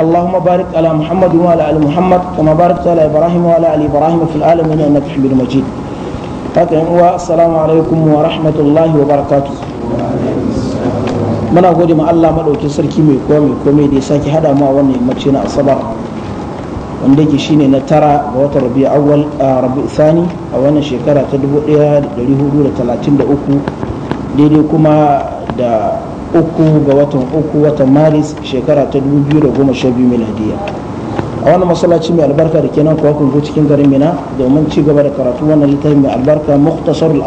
اللهم بارك على محمد وعلى ال محمد كما باركت على ابراهيم وعلى ال ابراهيم في العالمين انك حميد مجيد السلام عليكم ورحمه الله وبركاته muna gode ma Allah madaukin sarki mai komai komai da ya sake hada mu a wannan yammaci na asabar wanda yake shine na tara ga watan rabi'u awwal rabi'u thani a wannan shekara ta 1433 daidai kuma da uku ga watan uku watan maris shekara ta 2012 miladiya a wannan masallaci mai albarka da kenan kuwa kun cikin garin mina domin ci gaba da karatu wannan littafin mai albarka muktasar al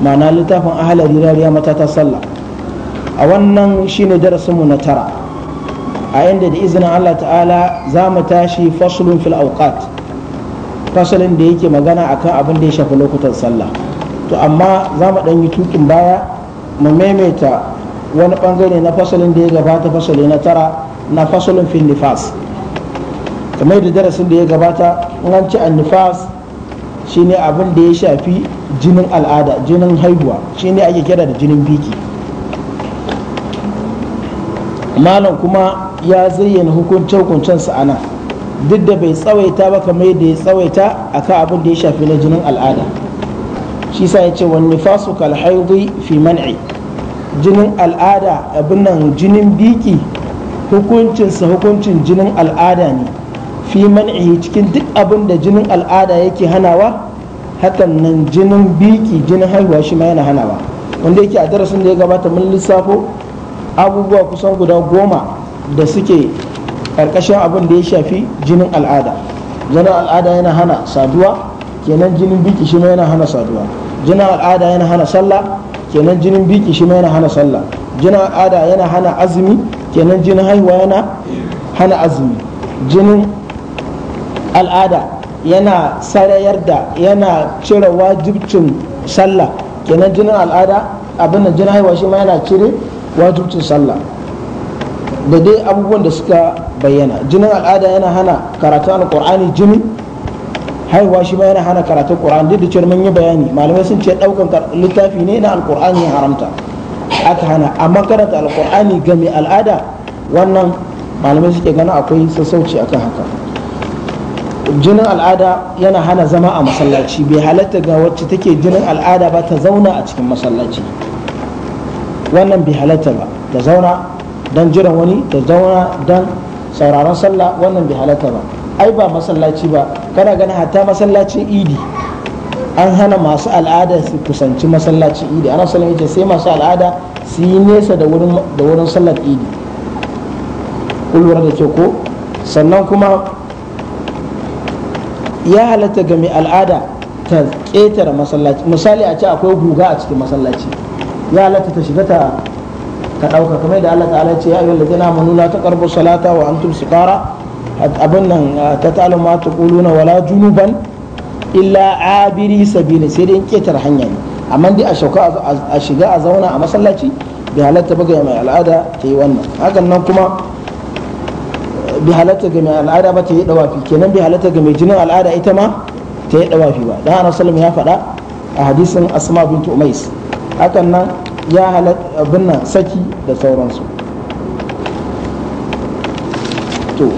ma'ana littafin ahalari rariya matata sallah a wannan shine darasinmu na tara a inda da izinin allah ta'ala za mu tashi fasulun fil auqat fasalin da yake magana akan abin da ya shafi lokutan sallah to amma za mu ɗan yi tukin baya mu maimaita wani bangare na fasalin da ya gabata fasali na tara na fasalin fil nifas kamar da darasin da ya gabata an ci an nifas shine abin da ya shafi jinin al'ada jinin haihuwa shine ake kira da jinin biki malam kuma ya zayyana hukuncin hukuncensa a nan duk da bai tsawaita ba kamar yadda ya tsawaita a akan abin da ya shafi na jinin al'ada shi sa ya ce wani fasu kalhaidi fi man'i jinin al'ada abin nan jinin biki hukuncinsa hukuncin jinin al'ada ne fi man'ihi cikin duk abin da jinin al'ada yake hanawa hakan nan jinin biki jinin haihuwa shi ma yana hanawa wanda yake a darasin da ya gabata mun lissafo abubuwa kusan guda goma da suke karkashin abin da ya shafi jinin al'ada jinin al'ada yana hana saduwa kenan jinin biki shi ma yana hana saduwa jinin al'ada yana hana sallah kenan jinin biki shi ma yana hana sallah jinin ada yana hana azumi kenan jinin haihuwa yana hana azumi jinin al'ada yana sarayar da yana cire wajibcin sallah kenan jinin al'ada abin da jinin haihuwa shi ma yana cire wajibcin sallah da dai abubuwan da suka bayyana jinin al'ada yana hana karatun alkur'ani jini haihuwa shi ma yana hana karatun quran duk da cewa mun yi bayani malamai sun ce daukan littafi ne na alqur'ani haramta aka hana amma karanta alqur'ani ga mai al'ada wannan malamai suke ganin akwai sassauci akan haka jinin al'ada yana hana zama a masallaci bai halatta ga wacce take jinin al'ada ba ta zauna a cikin masallaci wannan bai halatta ba ta zauna don jiran wani ta zauna don sauraron sallah wannan bai halatta ba ai ba masallaci ba kana ganin hatta masallacin idi an hana masu al'ada su kusanci masallacin idi ana sallan yace sai masu al'ada su yi nesa da wurin sallar idi kullura da ke ko sannan kuma ya halatta ga mai al'ada ta ƙetare masallaci misali a ce akwai guga a cikin masallaci ya halatta ta shiga ta ɗauka kamar da Allah ta'ala ce ya ayyuhal ladina amanu la taqrabu salata wa antum sukara abin nan ta taluma ta na wala junuban illa abiri sabili sai dai ketar hanya ne amma dai a shauka a shiga a zauna a masallaci bi halatta ba ga mai al'ada ta yi wannan hakan nan kuma bi halatta ga mai al'ada ba ta yi dawafi kenan bi halatta ga mai jinin al'ada ita ma ta yi dawafi ba dan annabi sallallahu ya faɗa a hadisin asma bint umais hakan nan ya halatta abin nan saki da sauransu to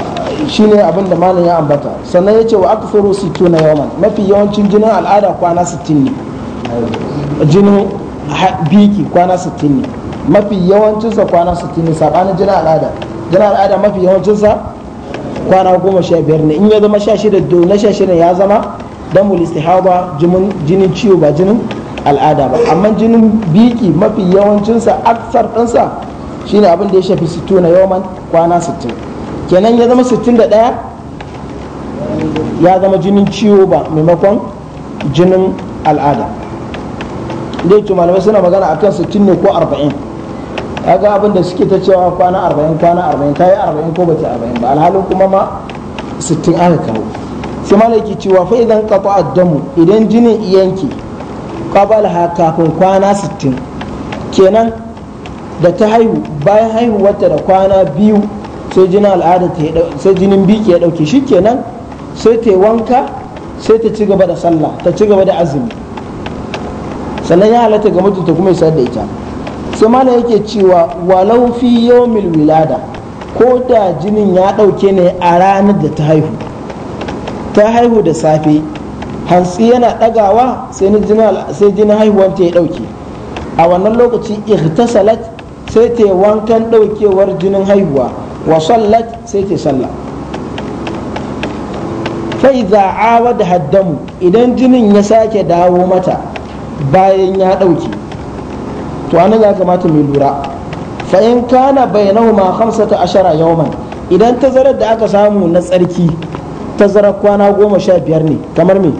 ne abin da malam ya ambata sannan ya ce wa aka furo sito na yawan mafi yawancin jinin al'ada kwana 60 ne jinin biki kwana 60 ne mafi yawancinsa kwana 60 ne sabanin jinin al'ada jinin al'ada mafi yawancinsa kwana goma sha biyar ne in ya zama sha da na sha ya zama damul istihaba jinin ciwo ba jinin al'ada ba amma jinin biki mafi yawancinsa aksar ɗinsa shine abin da ya shafi sito na yawan kwana 60 kenan ya zama 61 ya zama jinin ciwo ba maimakon jinin al'ada da ce malamai suna magana a kan 60 ne ko 40 kaga abin da suke ta cewa kwana 40 kwana 40 ta yi 40 ko bata 40 ba alhalin kuma ma 60 aka kawo sai malaki cewa fa idan qata addamu idan jinin iyanki kwabal ha kafin kwana 60 kenan da ta haihu bayan haihu wata da kwana biyu sai jinin al'ada sai jinin biki ya dauke shikenan sai ta wanka sai ta ci gaba da sallah ta ci gaba da azumi sannan ya halatta ga mutunta kuma ya sayar da ita sai malam yake cewa walau fi yawmil wilada ko da jinin ya dauke ne a ranar da ta haihu ta haihu da safe hantsi yana dagawa sai jinin haihuwar ta ya dauke a wannan lokaci ihtasalat sai ta wankan daukewar jinin haihuwa wa sallat sai ta sallah fai za'awa da haddamu idan jinin ya sake dawo mata bayan ya ɗauki to ana ga kamata mai lura fa'in kana bayanahuma hamsata ashara yawman idan tazarar da aka samu na tsarki tazarar kwana goma sha biyar ne kamar me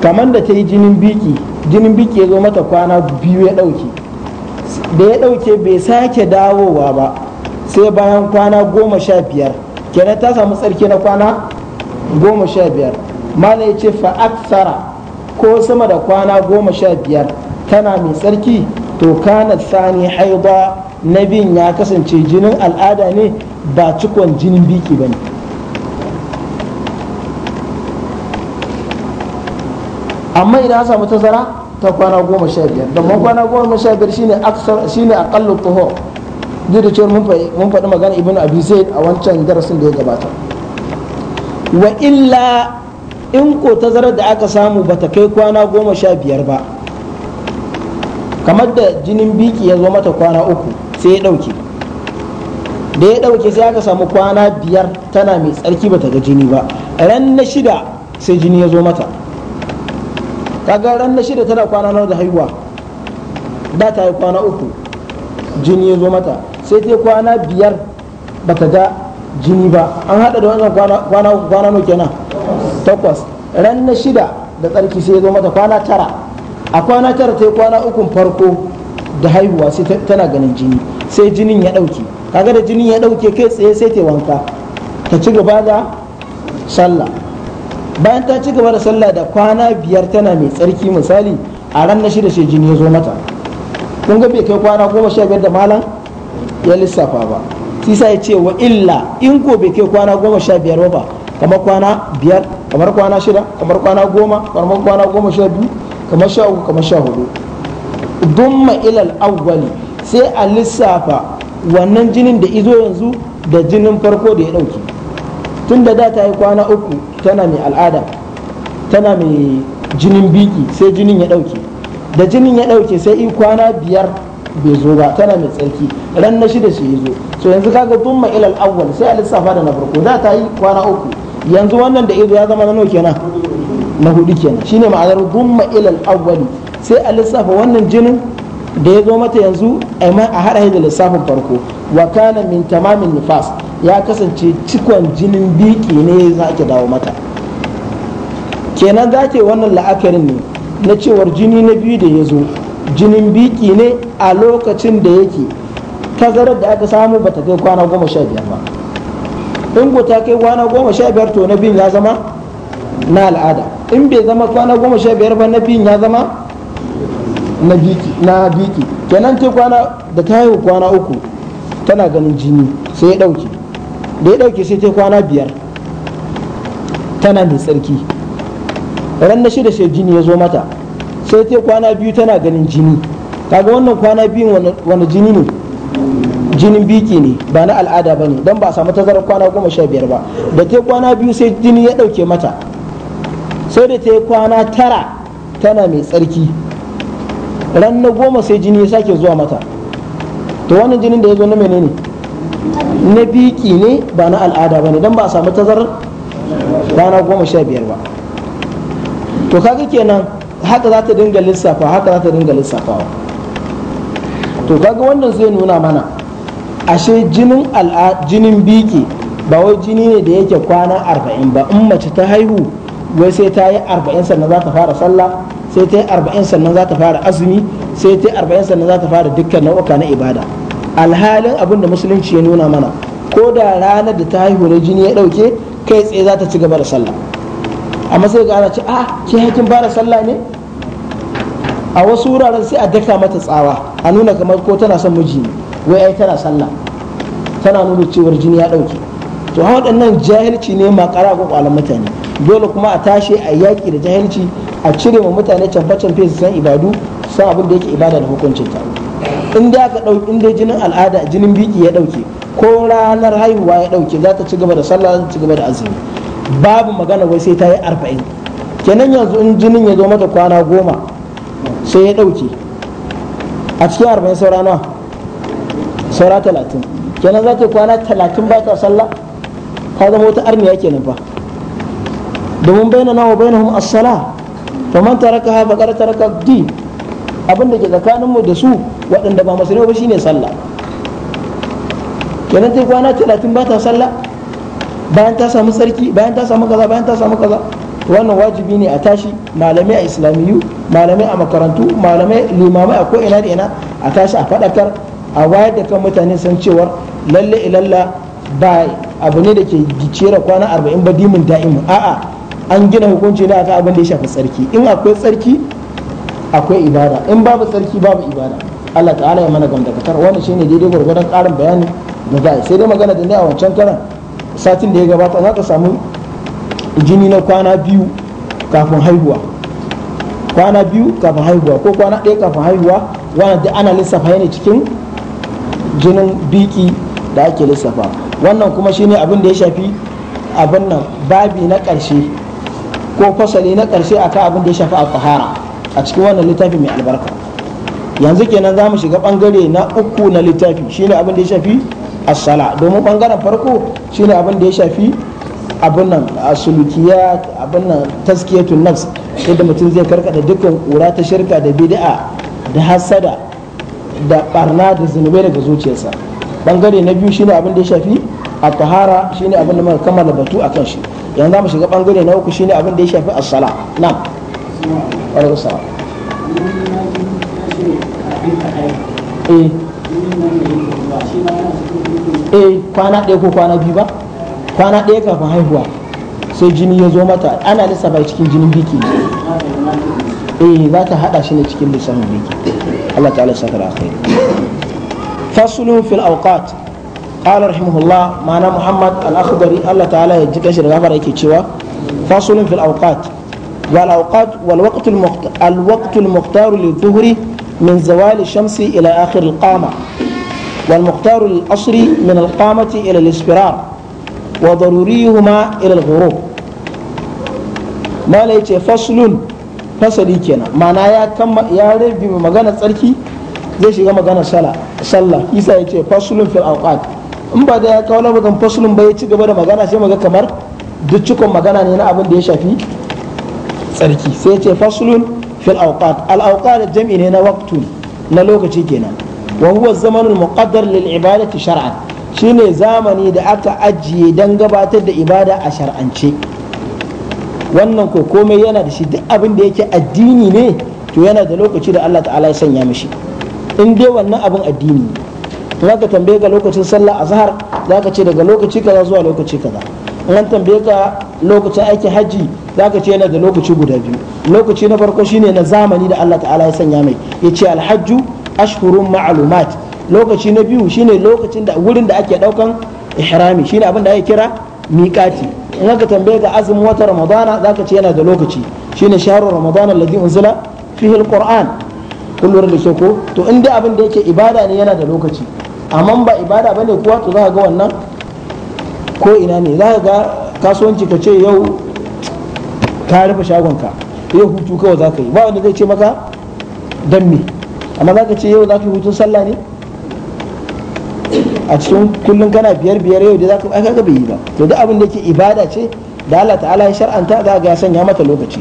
kamar da ta yi jinin biki jinin biki ya zo mata kwana biyu ya ɗauke da ya ɗauke bai sake dawowa ba sai bayan kwana goma sha biyar kenan ta samu tsarki na kwana goma sha biyar mala ya ce fa'aksara ko sama da kwana goma sha biyar tana mai tsarki to kanar sani haiba na bin ya kasance jinin al'ada ne ba cikon jinin biki ba ne amma idan an samu tazara ta kwana goma sha biyar domin kwana goma sha biyar shine akallu tuhur duk da cewar mun faɗi magana ibn abi zaid a wancan darasin da ya gabata wa illa in ko tazarar da aka samu ba ta kai kwana goma sha biyar ba kamar da jinin biki ya zo mata kwana uku sai ya ɗauke da ya ɗauke sai aka samu kwana biyar tana mai tsarki ba ta ga jini ba ran na shida sai jini ya zo mata kaga ran na shida tana kwana nawa da haihuwa da ta yi kwana uku jini ya zo mata sai ta kwana biyar ba ta ga jini ba an hada da wannan kwana kwana no kenan takwas ran na shida da tsarki sai ya zo mata kwana tara a kwana tara ta yi kwana ukun farko da haihuwa sai tana ganin jini sai jinin ya dauke kaga da jinin ya dauke kai tsaye sai ta wanka ta ci gaba da sallah bayan ta ci gaba da sallah da kwana biyar tana mai tsarki misali a ran na shida sai jini ya zo mata kun ga bai kai kwana goma sha biyar da malam ya lissafa ba sisa ya ce wa illa in ko bai kai kwana goma sha biyar ba kamar kwana biyar kamar kwana shida kamar kwana goma kamar kwana goma sha biyu kamar sha uku kamar sha hudu dumma ilal awwali sai a lissafa wannan jinin da izo yanzu da jinin farko da ya dauki tun da da ta yi kwana uku tana mai al'ada tana mai jinin biki sai jinin ya dauke da jinin ya dauke sai kwana biyar bai zo ba tana mai tsarki ran na shida shi zo so yanzu kaga ma ilal awwal sai a lissafa da na farko da ta yi kwana uku yanzu wannan da ido ya zama na nawa kenan na hudu kenan shine ma'anar tumma ilal awwal sai a lissafa wannan jinin da ya zo mata yanzu a haɗa da lissafin farko wa kana min tamamin nifas ya kasance cikon jinin biki ne za ki dawo mata kenan za ke wannan la'akarin ne na cewar jini na biyu da ya zo jinin biki ne a lokacin da yake tazarar da aka samu bata kai kwana goma sha biyar ba in ta kai kwana goma sha biyar to na biyun ya zama na al'ada in bai zama kwana goma sha biyar ba na biyun ya zama na biki na biki kenan ta kwana da ta haihu kwana uku tana ganin jini sai ya dauke da ya dauke sai ta kwana biyar tana mai tsarki ran na shida sai jini ya zo mata sai ta kwana biyu tana ganin jini kaga wannan kwana biyun wani jini ne jinin biki ne ba na al'ada ba ne don ba a samu tazarar kwana goma sha biyar ba da ta kwana biyu sai jini ya ɗauke mata sai da ta kwana tara tana mai tsarki ran na goma sai jini ya sake zuwa mata to wannan jinin da ya zo na menene na biki ne ba na al'ada ba ne don ba a samu tazarar kwana goma sha biyar ba to kaga kenan haka za ta dinga lissafa haka za ta dinga lissafawa to kaga wannan zai nuna mana ashe jinin al'a jinin biki ba wai jini ne da yake kwana arba'in ba in mace ta haihu wai sai ta yi arba'in sannan za ta fara sallah sai ta yi arba'in sannan za ta fara azumi sai ta yi arba'in sannan za ta fara dukkan nau'uka na ibada alhalin abin da musulunci ya nuna mana ko da ranar da ta haihu ne jini ya ɗauke kai tsaye za ta ci gaba da sallah amma sai ga ana ce a ah, ke hakin fara sallah ne a wasu wuraren sai a daka mata tsawa a nuna kamar ko tana son miji ne wai ai tana sallah tana nuna cewar jini ya dauke to ha waɗannan jahilci ne ma makara ga kwalan mutane dole kuma a tashi a yaƙi da jahilci a cire wa mutane can su san ibadu san abin da yake ibada da hukuncin ta in da aka dauki in dai jinin al'ada jinin biki ya ɗauke ko ranar haihuwa ya ɗauke za ta ci gaba da sallah za ta ci gaba da azumi babu magana wai sai ta yi arba'in kenan yanzu in jinin ya zo mata kwana goma sai ya ɗauke a cikin arba'in saura nawa saura talatin kenan za ta kwana talatin ba ta sallah ta zama wata arniya kenan fa domin bai na nawa bai na hum as-sala to man taraka ha faqad taraka di abinda ke tsakanin mu da su waɗanda ba musulmi ba shine sallah kenan ta kwana talatin ba ta sallah bayan ta samu sarki bayan ta samu kaza bayan ta samu kaza wannan wajibi ne a tashi malamai a islamiyu malamai a makarantu malamai limamai a ko'ina da ina a tashi a faɗakar a wayar da kan mutane san cewar lalle ilalla ba abu ne da ke gicera kwana arba'in ba dimin da'imu a'a an gina hukunci ne akan abin da ya shafi tsarki in akwai tsarki akwai ibada in babu tsarki babu ibada Allah ta'ala ya mana gamdakatar wannan shine daidai gwargwadon ƙarin bayani da sai dai magana da ne a wancan karan satin da ya gabata za ka samu jini na kwana biyu kafin haihuwa kwana biyu kafin haihuwa ko kwana ɗaya kafin haihuwa wannan duk ana lissafa ne cikin jinin biki da ake lissafa wannan kuma shine abin da ya shafi abin nan babi na ƙarshe ko fasali na ƙarshe akan abin da ya shafi alfahara a cikin wannan littafi mai albarka yanzu kenan za mu shiga bangare na uku na littafi shine abin da ya shafi as-sala domin bangaren farko shine abin da ya shafi abin nan a sulukiya abin nan taskiyatun nafs yadda mutum zai karkada dukkan ƙura ta shirka da bid'a da hasada da barna da zunubai daga zuciyarsa bangare na biyu shine abin da ya shafi a tahara shine abin da muka kammala batu a kan shi yanzu mu shiga bangare na uku shine abin da ya shafi as-sala na'am alaikum salam eh. eh kwana ɗaya ko kwana biyu ba kwana ɗaya kafin haihuwa sai jini ya zo mata ana lissafa cikin jinin biki eh za ta hada shi ne cikin lissafin biki Allah ta'ala saka da akai Fasulu fil awqat qala rahimahullah ma'ana muhammad al-akhdari Allah ta'ala ya jika shi da gafara yake cewa Fasulu fil awqat wal awqat wal waqt al waqt al mukhtar lidhuhri min zawal ash-shams ila akhir al-qama wal mukhtar al-asri min al-qamati ila al-isfirar wa daruriyuhuma ila al-ghurub yace faslun fasali kenan Mana ya kamma ya rabi magana tsarki zai shiga magana sala sallah isa yace faslun fil awqat in ba da ya kawo lamarin faslun ba ya ci gaba da magana sai maga kamar duk cikon magana ne na abin da ya shafi tsarki sai ya ce faslun fil awqat al awqat jam'i ne na waqtun na lokaci kenan wa huwa zamanul muqaddar lil ibadati shar'an shine zamani da aka ajiye don gabatar da ibada a shar'ance wannan ko komai yana da shi duk abin da yake addini ne to yana da lokaci da Allah ta'ala ya sanya mishi in dai wannan abin addini ne za ka tambaye ga lokacin sallah azhar za ka ce daga lokaci kaza zuwa lokaci kaza in an tambaye ka lokacin aikin hajji za ka ce yana da lokaci guda biyu lokaci na farko shine na zamani da Allah ta'ala ya sanya mai ya ce alhajju ashhurun ma'lumat lokaci na biyu shine lokacin da wurin da ake daukan ihrami shine abin da ake kira miqati in aka tambaye ga azumin wata ramadana zaka ce yana da lokaci shine shahru ramadana alladhi unzila fihi alquran kullum da ke to in dai abin da yake ibada ne yana da lokaci amma ba ibada bane kuwa to zaka ga wannan ko ina ne zaka ga kasuwanci ka ce yau ka rufe shagonka yau hutu kawai zaka yi ba wanda zai ce maka dan me amma zaka ce yau zaka yi hutun sallah ne a cikin kullum kana biyar biyar yau da zaka aka bai yi ba to duk abin da yake ibada ce da Allah ta'ala ya shar'anta za ga ya sanya mata lokaci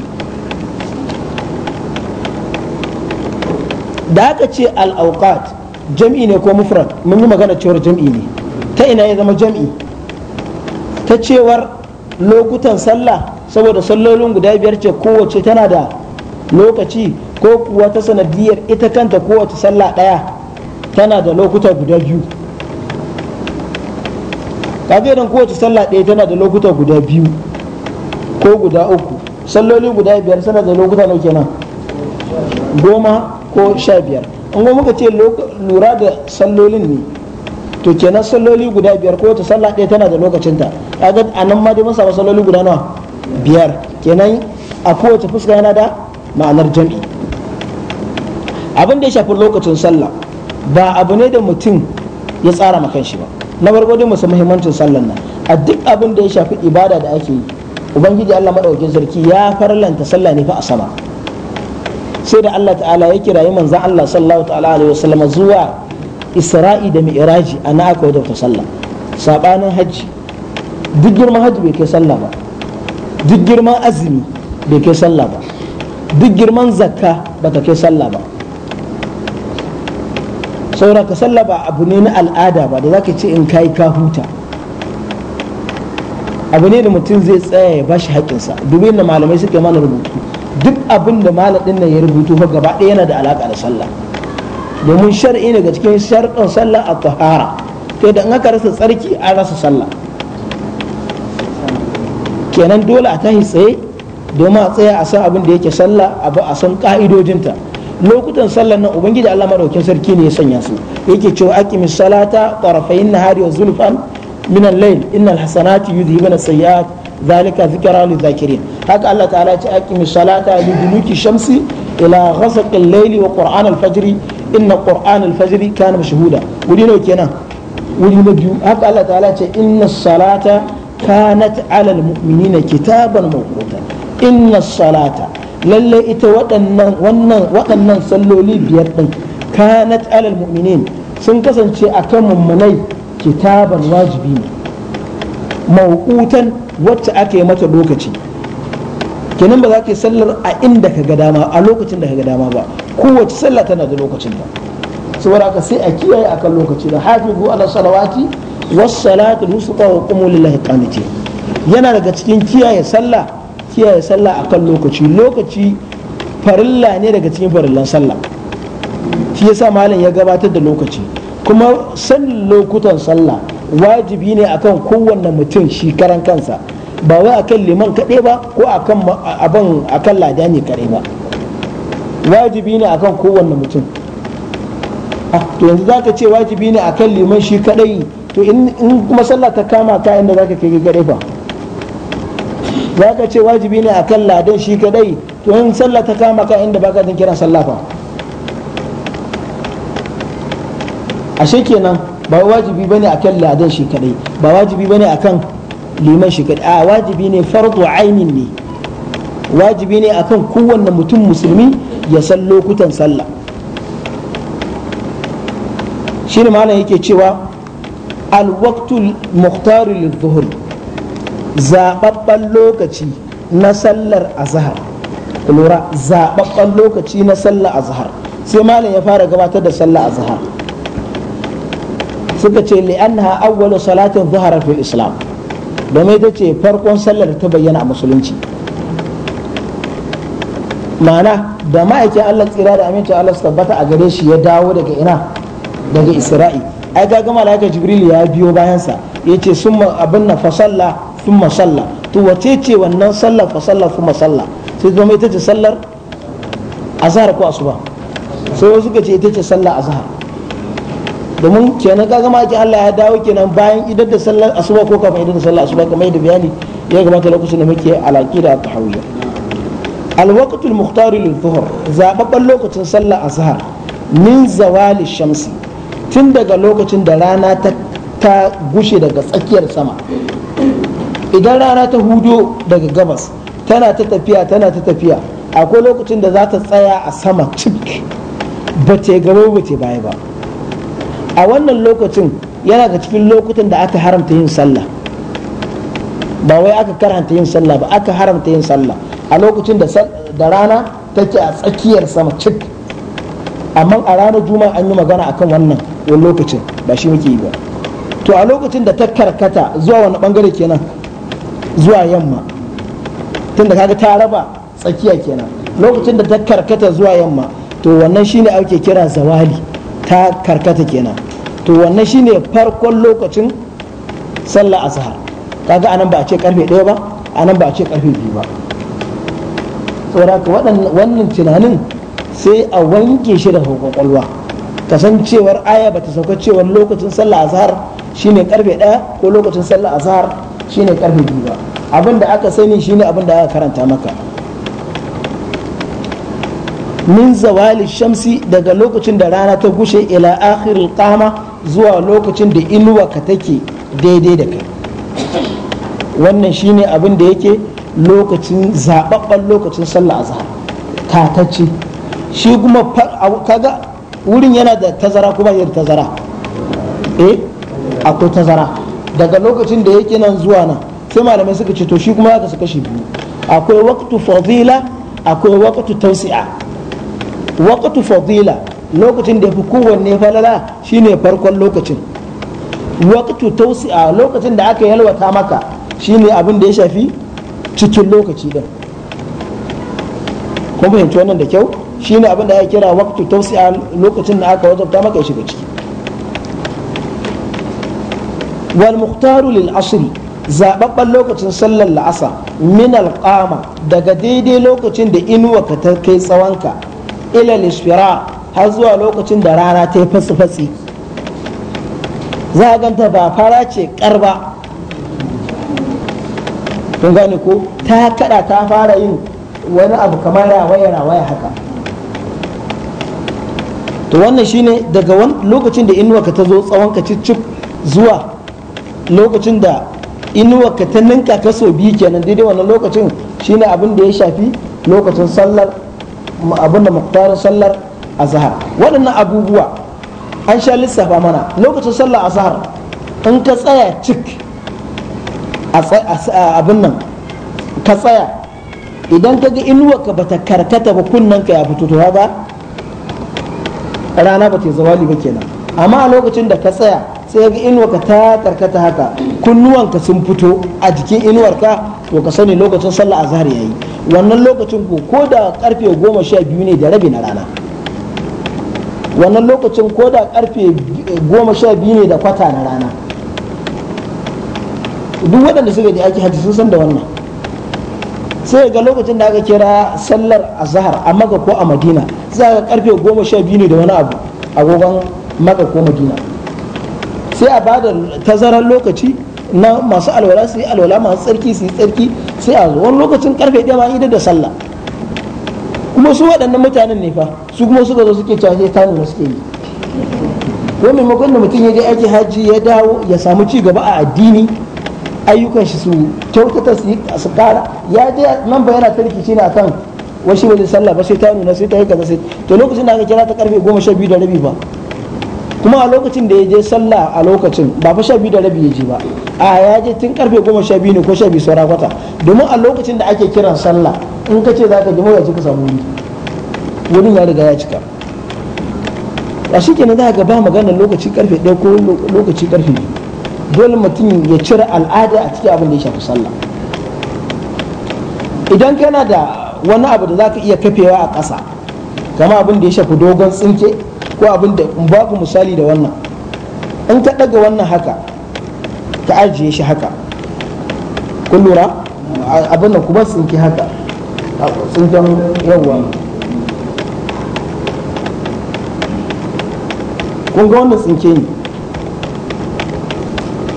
da aka ce al-awqat jam'i ne ko mufrad mun yi magana cewar jam'i ne ta ina ya zama jam'i ta cewar lokutan sallah saboda sallolin guda biyar ce kowace tana da lokaci ko kuwa ta sanadiyar ita kanta kowace sallah ɗaya tana da lokuta guda biyu kaga idan kowace sallah ɗaya tana da lokuta guda biyu ko guda uku salloli guda biyar suna da lokuta nau kenan goma ko sha biyar in kuma muka ce lura da sallolin ne to kenan salloli guda biyar ko wata sallah ɗaya tana da lokacinta kaga a nan ma dai mun samu salloli guda nawa biyar kenan a kowace fuska yana da ma'anar jami'i abin da ya shafi lokacin sallah ba abu ne da mutum ya tsara ma kanshi ba na farko dai musu muhimmancin sallar nan a duk abin da ya shafi ibada da ake yi ubangiji Allah madaukakin sarki ya farlanta sallah ne fa a sama sai da Allah ta'ala ya kirayi manzon Allah sallallahu ta'ala alaihi wasallam zuwa isra'i da mi'raji ana aka wadata sallah sabanin hajji duk girman hajji bai kai sallah ba duk girman azumi bai kai sallah ba duk girman zakka ba ta kai sallah ba saura ka sallah ba abu ne na al'ada ba da zaka ce in kai ka huta abu ne da mutum zai tsaya ya shi haƙinsa dubi da malamai suke mana rubutu duk abin da malamin nan ya rubutu ba gaba ɗaya yana da alaƙa da sallah domin shar'i daga cikin sharɗin sallah a tahara to da in aka rasa tsarki an rasa sallah kenan dole a tahi tsaye domin a tsaya a san abin da yake sallah a san ƙa'idojinta lokutan sallar nan ubangiji Allah madaukin sarki ne ya sanya su yake cewa aqimis salata tarafayn nahari wa zulfan min al-layl innal hasanati yudhibuna sayyi'at zalika zikra lidh-dhakirin haka Allah ta'ala ce aqimis salata li duluki shamsi ila ghasaqil layli wa qur'an al-fajr inna qur'an al-fajr kana mashhuda wuri ne kenan wuri na biyu haka Allah ta'ala ce inna salata kanat 'ala al-mu'minina kitaban mawquta inna salata lalle ita waɗannan waɗannan salloli biyar ɗin na alal mu'minin sun kasance akan mummunai kitaban wajibi ne mawqutan wacce aka yi mata lokaci kenan ba za ka sallar a inda ka ga dama a lokacin da ka ga dama ba kowace sallah tana da lokacin ta saboda ka sai a kiyaye akan lokaci da hafizu ala salawati was salatu wusta wa qumu lillahi qanitin yana daga cikin kiyaye sallah kiyaye sallah akan lokaci lokaci farilla ne daga cikin farillan sallah shi yasa malam ya gabatar da lokaci kuma san lokutan sallah wajibi ne akan kowanne mutum shi karan kansa ba wai akan liman kaɗai ba ko akan abin akan lada ne kaɗai ba wajibi ne akan kowanne mutum ah, to yanzu zaka ce wajibi ne akan liman shi kaɗai to in kuma sallah ta kama ka inda zaka kai gare fa za ka ce wajibi ne akan ladan shi kadai to in sallah ta kama ka inda baka jin kira sallah fa ashe kenan ba wajibi bane akan ladan shi kadai ba wajibi bane akan liman shi kadai a wajibi ne fardu ainin ne wajibi ne akan kowanne mutum musulmi ya san lokutan sallah shi ne malam yake cewa al-waqtul muhtar lil-dhuhr zaɓaɓɓen lokaci na sallar azhar lura zaɓaɓɓen lokaci na sallar azhar sai malam ya fara gabatar da sallar azhar suka ce li'annaha awwalu salatin zuhara fil islam domin ita ce farkon sallar ta bayyana a musulunci ma'ana da ma'aikin Allah tsira da amincin Allah tabbata a gare shi ya dawo daga ina daga Isra'i ai ga malaika Jibril ya biyo bayansa yace summa abin na fasalla thumma salla to wace ce wannan sallar fa salla kuma salla sai zama ita ce sallar zahar ko asuba sai wasu ka ce ita ce sallar zahar? domin kenan kaga gama ake Allah ya dawo kenan bayan idar da sallar asuba ko kafin idar da sallar asuba kamar yadda bayani ya gabata lokacin da muke ta alwakatul alaqida tahawiyya الوقت lokacin للظهر a zahar min zawali Shamsi, tun daga lokacin da rana ta gushe daga tsakiyar sama idan rana ta hudo daga gabas tana ta tafiya tana ta tafiya akwai lokacin da za ta tsaya a sama cik ba ta gaba ba ta baya ba a wannan lokacin yana ga cikin lokutan da aka haramta yin sallah ba wai aka karanta yin sallah ba aka haramta yin sallah a lokacin da rana take a tsakiyar sama cik amma a ranar juma an yi magana akan wannan wani lokacin ba shi muke yi ba to a lokacin da ta karkata zuwa wani bangare kenan zuwa yamma tunda kaga ta raba tsakiya kenan lokacin da ta karkata zuwa yamma to wannan shine ake kira zawali ta karkata kenan to wannan shine farkon lokacin sallar azhar kaga anan ba a ce karfe ɗaya ba anan ba a ce karfe biyu ba saboda wannan tunanin sai a wanke shi da kwakwalwa kasancewar aya ta sauka cewar lokacin sallar azhar shine karfe ɗaya ko lokacin sallar azhar shine karfe biyu abin da aka sani shine abin da aka karanta maka min zawali shamsi daga lokacin da rana ta gushe ila akhiril qama zuwa lokacin da inuwa ka take daidai da kai wannan shine abin da yake lokacin zababban lokacin sallah azhar tatacce shi kuma kaga wurin yana da tazara kuma yin tazara eh akwai tazara daga lokacin da yake nan zuwa nan sai malamai suka ce to shi kuma aka su kashi biyu akwai waqtu fadila akwai waqtu tausi'a waqtu fadila lokacin da fi kowanne falala shine farkon lokacin waqtu tausi'a lokacin da aka yalwata maka shine abin da ya shafi cikin lokaci din Kuma fahimci wannan da kyau shine abin da ya kira waqtu tausi'a lokacin da aka wajabta maka ya shiga ciki wal muhtaru lil asri zababban lokacin sallar la'asa min alqama daga daidai lokacin da inuwa ka ta kai tsawonka ila lishfira har zuwa lokacin da rana ta yi fatsi-fatsi za ganta ba fara ce karba kun gani ko ta kada ta fara yin wani abu kamar rawaya rawaya haka to wannan shine daga lokacin da inuwa ka ta zo tsawon ka cicci zuwa lokacin da inuwa ka ta ninka kaso biyu kenan daidai wannan lokacin shine abin da ya shafi lokacin sallar abin da muktarin sallar azhar waɗannan abubuwa an sha lissafa mana lokacin sallar azhar in ka tsaya cik a abin nan ka tsaya idan ka ga inuwa ka bata karkata ba kunnen ka ya fito to ba rana ba ta zawali ba kenan amma a lokacin da ka tsaya sai ga inuwarka ta tarkata haka kunnuwanka sun fito a jikin inuwarka to ka sani lokacin sallah azhar yayi wannan lokacin ko ko da karfe goma sha biyu ne da rabi na rana wannan lokacin ko da karfe goma sha biyu ne da kwata na rana duk waɗanda suka je aiki hajji sun san da wannan sai ga lokacin da aka kira sallar azhar a maka ko a madina za ka karfe goma sha biyu ne da wani abu agogon maka ko madina sai a ba da tazarar lokaci na masu alwala su yi alwala masu tsarki su yi tsarki sai a zo wani lokacin karfe ɗaya ma idar da sallah kuma su waɗannan mutanen ne fa su kuma suka zo suke cewa ta nuna suke yi ko maimakon da mutum ya je aiki hajji ya dawo ya samu ci gaba a addini ayyukan shi su kyautata su yi su kara ya je nan ba yana tarki shi ne akan wasu wani sallah ba sai ta nuna sai ta yi kaza sai to lokacin da aka kira ta karfe goma sha biyu da rabi ba kuma a lokacin da ya je sallah a lokacin ba fa sha biyu da rabi ya je ba a ya je tun karfe goma sha biyu ne ko sha biyu saura kwata domin a lokacin da ake kiran sallah in ka ce za ka je mawuyaci ka samu wuri wurin ya riga ya cika a shi kenan za ka ba magana lokaci karfe ɗaya ko lokaci karfe biyu dole mutum ya cire al'ada a cikin abin da ya shafi sallah idan kana da wani abu da za ka iya kafewa a ƙasa kama abin da ya shafi dogon tsinke ko abin da ba ku misali da wannan in ka daga wannan haka ka ajiye shi haka kun lura abin da kuma tsinki haka tsinken yawwa kun ga wannan tsinke ne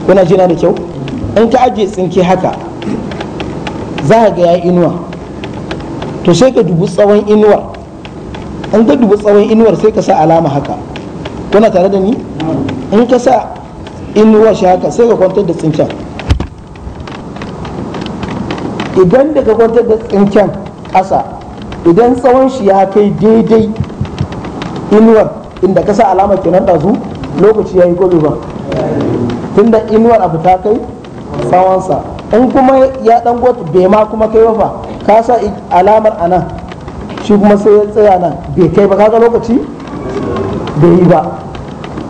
kuna jina da kyau in ka ajiye tsinke haka za ka ga ya inuwa to sai ka dubi tsawon inuwar an ka dubi tsawon inuwar sai ka sa alama haka kuna tare da ni in ka sa inuwar shi haka sai ka kwantar da tsinken idan da ka kwantar da tsinken ƙasa idan tsawon shi ya kai daidai inuwar inda ka sa alama kenan ɗazu lokaci ya yi gobe ba tunda inuwar abu ta kai tsawonsa in kuma ya ɗan bai ma kuma kai ba fa ka sa alamar a nan shi kuma sai ya tsaya nan bai kai ba kaga lokaci bai yi ba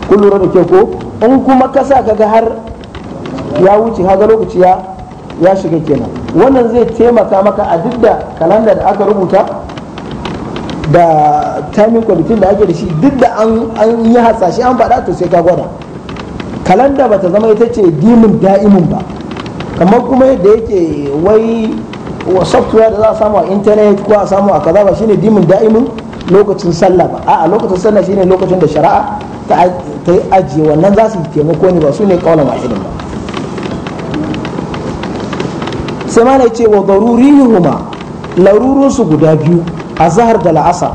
kun lura da ke ko in kuma kasa kaga har ya wuce kaga lokaci ya shiga kenan wannan zai taimaka maka a duk da kalanda da aka rubuta da timing kwamitin da ake da shi duk da an yi hasashe an faɗa to sai ka gwada kalanda ba ta zama ita ce dimin da'imin ba kamar kuma yadda yake wai wa software da za a samu a intanet ko a samu a kaza ba shine dimin da'imin lokacin sallah ba a'a lokacin sallah shine lokacin da shari'a ta ta ajiye wannan za su taimako ne ba su ne kaulan wahidin ba sai ma ne ce wa huma larurun su guda biyu a zahar da la'asa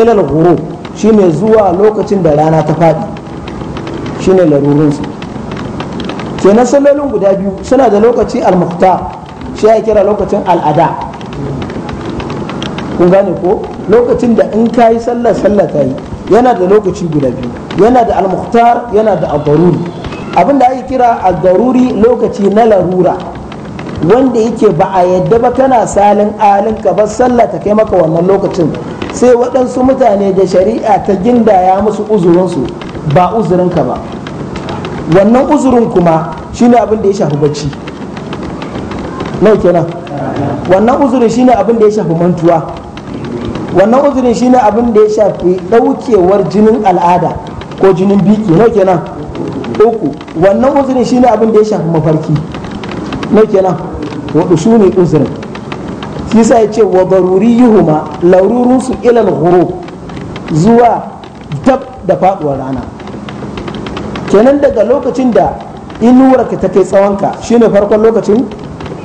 ilal ghurub shine zuwa lokacin da rana ta faɗi shine larurun su na sallolin guda biyu suna da lokaci al-muqtar shi ya kira lokacin al'ada kun gane ko lokacin da in ka yi sallar sallar ta yi yana da lokaci guda biyu yana da al-mukhtar yana da al-daruri abin da ake kira al-daruri lokaci na larura wanda yake ba a yadda ba kana salin alin ka ba sallar ta kai maka wannan lokacin sai waɗansu mutane da shari'a ta gindaya musu uzurinsu ba uzurinka ba wannan uzurin kuma shine abin da ya shafi bacci nau kenan wannan uzurin shine abin da ya shafi mantuwa wannan uzurin shine abin da ya shafi daukewar jinin al'ada ko jinin biki nau kenan uku wannan uzurin shine abin da ya shafi mafarki nau kenan wadda su ne uzurin shi sa ya ce wa yi yuhuma laurorin su ilal huro zuwa dab da faduwar rana kenan daga lokacin da inuwarka ta kai tsawonka shine farkon lokacin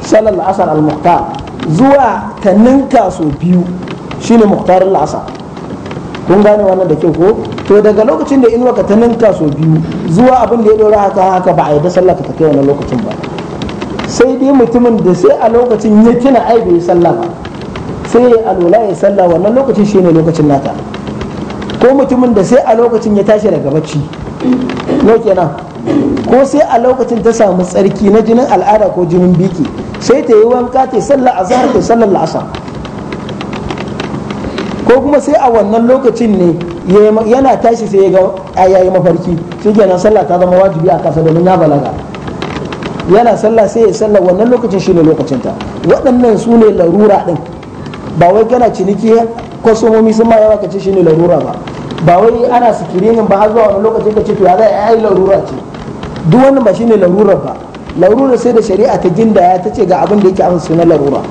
salar la'asar al-muqtar zuwa ta ninka so biyu shine muqtar la'asa, kun gane wannan da kyau ko to daga lokacin da inuwa ka ta ninka so biyu zuwa abin da ya dora haka haka ba a yi da sallah ka kai wani lokacin ba sai dai mutumin da sai a lokacin ya tuna ai bai sallah ba sai ya alola ya sallah wannan lokacin shine lokacin nata ko mutumin da sai a lokacin ya tashi daga bacci no kenan ko sai a lokacin ta samu tsarki na jinin al'ada ko jinin biki sai ta yi wanka ta sallar azhar ta sallar la'asa ko kuma sai a wannan lokacin ne yana tashi sai ya ga ayayi mafarki sai kenan sallah ta zama wajibi a kasa domin ya balaga yana sallah sai ya sallar wannan lokacin shi ne lokacinta waɗannan su ne larura ɗin ba wai kana ciniki kwasomomi sun ma yawa ka ce shi ne larura ba ba wai ana sikirinin ba har zuwa wani lokacin ka ce to ya za ayi yi larura ce duk wannan ba shine larura ba larura sai da shari'a ta gindaya ta ce ga abin da yake amsa suna larura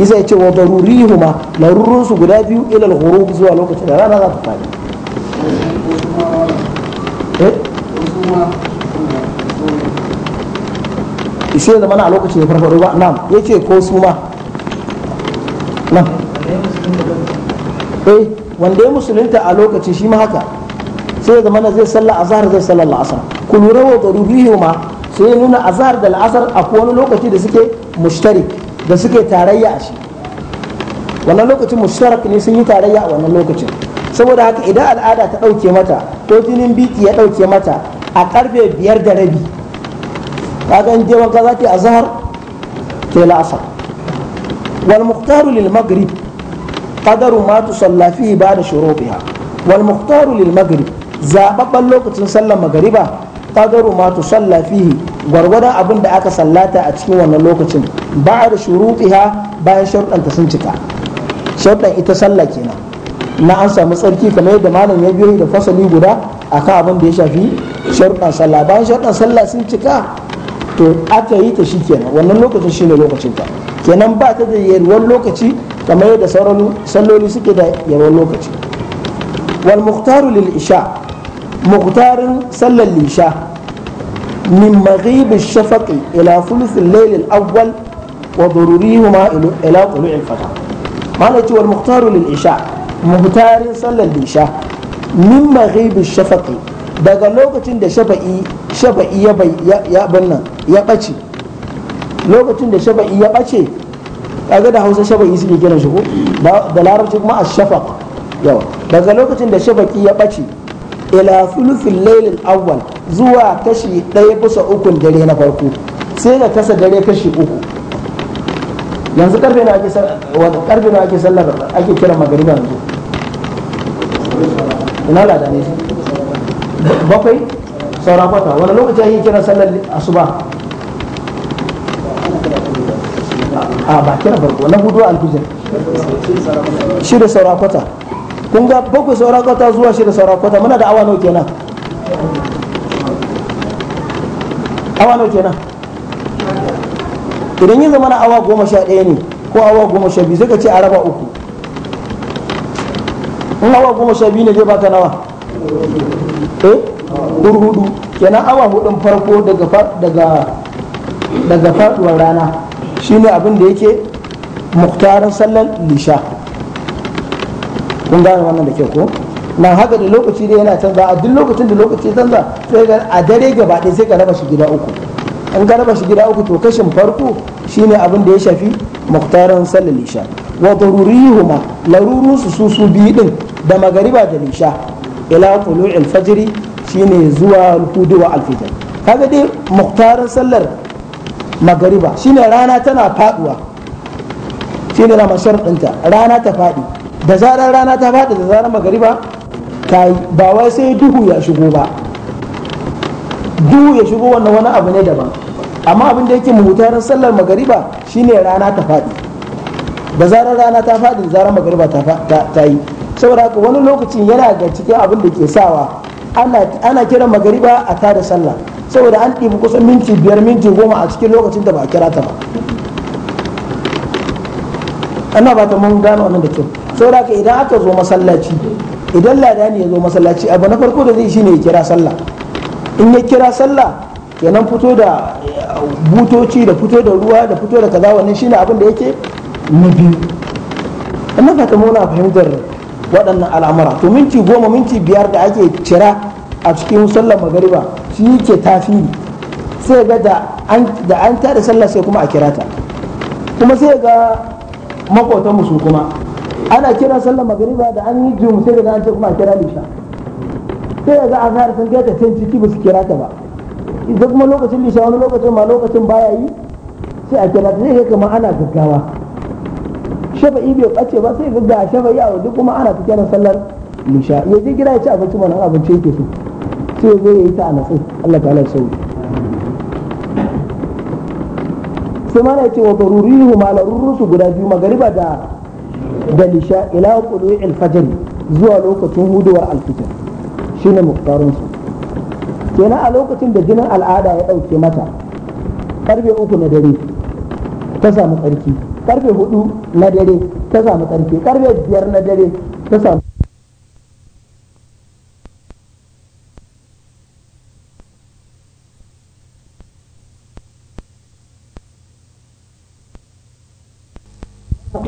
isa ya ce wa huma larurun su guda biyu ila al zuwa lokacin da rana za ta fadi eh? ishe da mana a lokacin da farfaro ba nan yace ko su ma nan eh wanda ya musulunta a lokacin shi ma haka sai ya zamana zai sallah azhar zai sallah la'asar ku lura wa darurihi ma sai ya nuna azhar da la'asar a wani lokaci da suke mushtari da suke tarayya a shi wannan lokacin mushtarak ne sun yi tarayya a wannan lokacin saboda haka idan al'ada ta ɗauke mata ko jinin biki ya ɗauke mata a karfe biyar da rabi kaga in je wanka zaki azhar la'asar wal muhtaru lil maghrib qadaru ma tusalla fihi ba'da shurubiha wal muhtaru lil maghrib Zaɓaɓɓan lokacin sallar magariba qadaru ma tusalla fihi gwargwadon abin da aka sallata a cikin wannan lokacin da shurutiha bayan sharuɗanta sun cika sharuɗan ita sallah kenan na an samu tsarki kamar yadda malam ya biyo da fasali guda akan abin da ya shafi sharuɗan sallah bayan sharuɗan sallah sun cika to aka yi ta shikenan wannan lokacin shine lokacin ta kenan ba ta da yarwar lokaci kamar yadda sauran salloli suke da yawan lokaci wal muhtaru lil isha muktarin صلى lisha من مغيب الشفق ila ثلث الليل الاول وضروريهما الى darurihuma ila tulu'i al-fajr wal muktaru lil muktarin daga lokacin da shafa'i shafa'i ya bai ya ya bace lokacin da shafa'i ya bace kaga da Hausa shafa'i suke kiran shi ko da larabci kuma yawa daga lokacin da ya bace ila thuluthil lailin awwal zuwa kashi ɗaya bisa ukun dare na farko sai ka kasa dare kashi uku yanzu karfe na ake karfe na ake sallar ake kira magariba yanzu ina lada ne bakwai saura kwata wani lokaci ake kira sallar asuba a bakin farko na hudu alfijir da saura kwata kun ga bakwai saura kwata zuwa shida saura kwata muna da awa nau kenan awa nau kenan idan yi na awa goma sha ɗaya ne ko awa goma sha biyu zai ka ce a raba uku in awa goma sha biyu ne zai baka nawa eh hudu kenan awa hudun farko daga daga faduwar rana shine abin da yake muktarin sallar lisha kun gane wannan da kyau ko na haka da lokaci da yana canza a duk lokacin da lokaci canza sai ga a dare gaba ɗaya sai ka raba shi gida uku in ka raba shi gida uku to kashin farko shine abin da ya shafi muktaran sallar isha wa daruriyuhuma su su su biyu din da magariba da isha ila tulu'il fajri shine zuwa hudu wa alfijir kaga dai muktaran sallar magariba shine rana tana faduwa shine na masharɗinta rana ta faɗi da zarar rana ta faɗi da zarar magariba ta yi ba wai sai duhu ya shigo ba duhu ya shigo wannan wani abu ne daban amma abin da yake muhutarin sallar magariba shine rana ta faɗi da zarar rana ta faɗi da zarar magariba ta yi saboda haka wani lokacin yana ga cikin abin da ke sawa ana kira magariba a tada sallah saboda an ɗibi kusan minti biyar minti goma a cikin lokacin da ba a kira ta ba ana ba ta mun gano wannan da kyau saboda idan aka zo masallaci idan ne ya zo masallaci abu na farko da zai ne ya kira sallah in ya kira sallah kenan fito da eh, butoci da fito da ruwa da fito da kaza wannan shine abin da yake na biyu amma fata muna fahimtar waɗannan al'amura to minti goma minti biyar da ake cira a cikin sallar magariba shi yake tafi sai ga da an tada sallah sai kuma a kirata kuma sai ga makotan musu kuma ana kira sallar magariba da an yi jumu sai daga an ce kuma a kira lisha sai daga an har sun kai ta can ciki ba su kira ta ba idan kuma lokacin lisha wani lokacin ma lokacin baya yi sai a kira ta sai ga kama ana gaggawa shafa'i bai bace ba sai ga shafa'i a duk kuma ana ta kira sallar lisha ya je gida ya ci abinci mana abinci yake so sai zai yi ta a natsi Allah ta halar sauri sai mana ya ce wa darurihu ma larurrusu guda biyu magariba da da lisha ila qulu'i al zuwa lokacin huduwar al-fitr shine muktarinsu su kenan a lokacin da jinin al'ada ya ɗauke mata karfe uku na dare ta samu tsarki karfe hudu na dare ta samu tsarki karfe biyar na dare ta samu